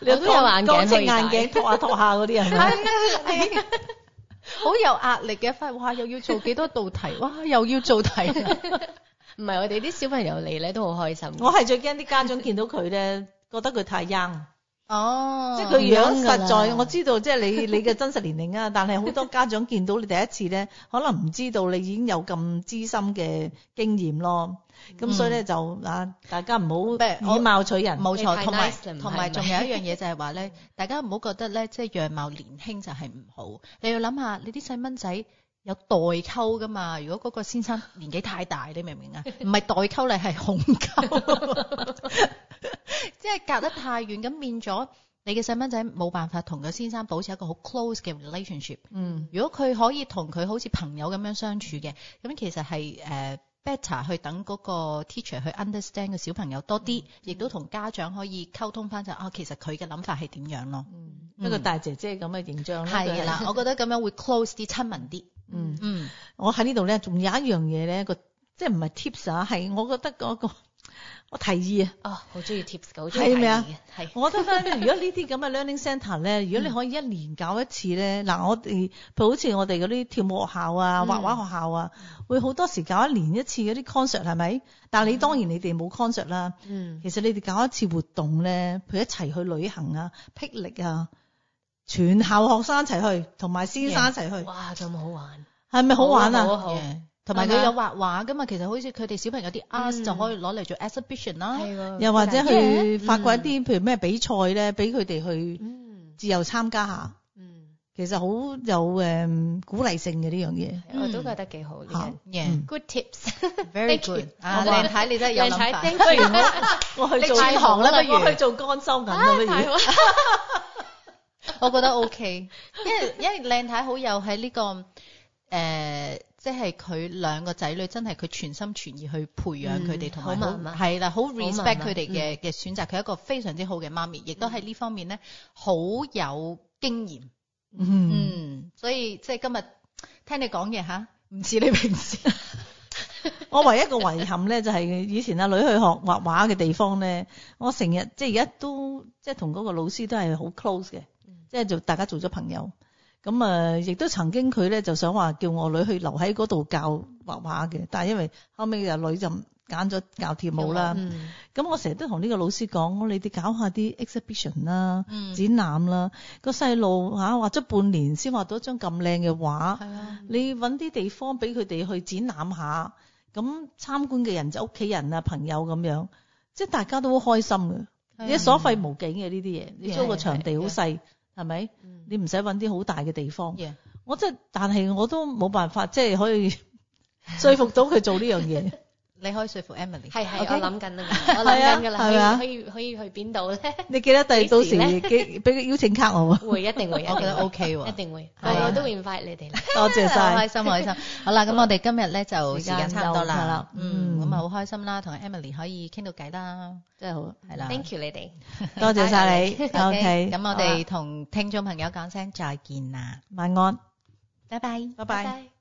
你都有眼鏡可以戴。嗰隻眼鏡托下托下嗰啲人，係啊 好有壓力嘅。翻哇，又要做幾多道題，哇，又要做題。唔 係 我哋啲小朋友嚟咧，都好開心。 我係最驚啲家長見到佢咧， 覺得佢太 young。哦，即係佢樣實在，我知道即係、就是、你你嘅真實年齡啊。 但係好多家長見到你第一次咧，可能唔知道你已經有咁資深嘅經驗咯。咁、嗯、所以咧就啊，大家唔好以貌取人，冇、嗯、錯。同埋同埋仲有一樣嘢就係話咧， 大家唔好覺得咧，即、就、係、是、樣貌年輕就係唔好。你要諗下你啲細蚊仔。有代溝噶嘛？如果嗰個先生年紀太大，你明唔明啊？唔係代溝，你係鴻溝，即係 隔得太遠，咁變咗你嘅細蚊仔冇辦法同個先生保持一個 cl、嗯、好 close 嘅 relationship。嗯，如果佢可以同佢好似朋友咁樣相處嘅，咁其實係誒 better 去等嗰個 teacher 去 understand 個小朋友多啲，亦都同家長可以溝通翻就啊，其實佢嘅諗法係點樣咯。嗯，一個大姐姐咁嘅形象係啦、嗯，我覺得咁樣會 close 啲，親民啲。 嗯嗯，我喺呢度咧，仲有一樣嘢咧，個，即係唔係 tips 啊？係我覺得嗰個我，我，我提議啊。啊、哦，好中意 tips 噶，好中意提議是是是我覺得咧， 如果呢啲咁嘅 learning centre e 咧，如果你可以一年搞一次咧，嗱、嗯，我哋譬如好似我哋嗰啲跳舞學校啊、畫畫學校啊，嗯、會好多時搞一年一次嗰啲 concert 係咪？但係你、嗯、當然你哋冇 concert 啦。嗯。其實你哋搞一次活動咧，譬如一齊去旅行啊、霹靂啊。全校學生一齊去，同埋先生一齊去，哇咁好玩，係咪好玩啊？好嘅，同埋佢有畫畫噶嘛，其實好似佢哋小朋友啲 Ask 就可以攞嚟做 exhibition 啦。係又或者去發掘一啲，譬如咩比賽咧，俾佢哋去自由參加下。嗯，其實好有誒鼓勵性嘅呢樣嘢，我都覺得幾好呢樣嘢。Good tips，very good。啊，靚太，你真係有諗法。我去做轉行咧，不如我去做干收銀我覺得 OK，因為因為靚太，太好有喺呢、這個誒、呃，即係佢兩個仔女，真係佢全心全意去培養佢哋，同埋好係啦，好 respect 佢哋嘅嘅選擇。佢、嗯、一個非常之好嘅媽咪，亦都喺呢方面咧好有經驗。嗯，嗯，所以即係今日聽你講嘢，吓唔似你平時。 我唯一個遺憾咧，就係以前阿女去學畫畫嘅地方咧，我成日即係而家都即係同嗰個老師都係好 close 嘅。即係就大家做咗朋友，咁啊，亦都曾經佢咧就想話叫我女去留喺嗰度教畫畫嘅，但係因為後尾阿女就揀咗教跳舞啦。咁、嗯、我成日都同呢個老師講，你哋搞一下啲 exhibition 啦、展覽啦，嗯、個細路嚇畫咗半年先畫到一張咁靚嘅畫，啊、你揾啲地方俾佢哋去展覽下，咁參觀嘅人就屋、是、企人啊、朋友咁樣，即係大家都好開心嘅。你所費無幾嘅呢啲嘢，啊、你租個場地好細。係咪？嗯，你唔使搵啲好大嘅地方。Yeah. 我真，但係我都冇辦法，即係可以說服到佢做呢樣嘢。 你可以説服 Emily，係係，我諗緊啦，我諗緊㗎啦，可以可以去邊度咧？你記得第到時記俾個邀請卡我喎。會一定會，我覺得 OK 喎。一定會，我會都會 invite 你哋。多謝晒，開心開心。好啦，咁我哋今日咧就時間差唔多啦。嗯，咁啊好開心啦，同 Emily 可以傾到偈啦，真係好係啦。Thank you 你哋，多謝晒你。OK，咁我哋同聽眾朋友講聲再見啦，晚安，拜拜，拜拜。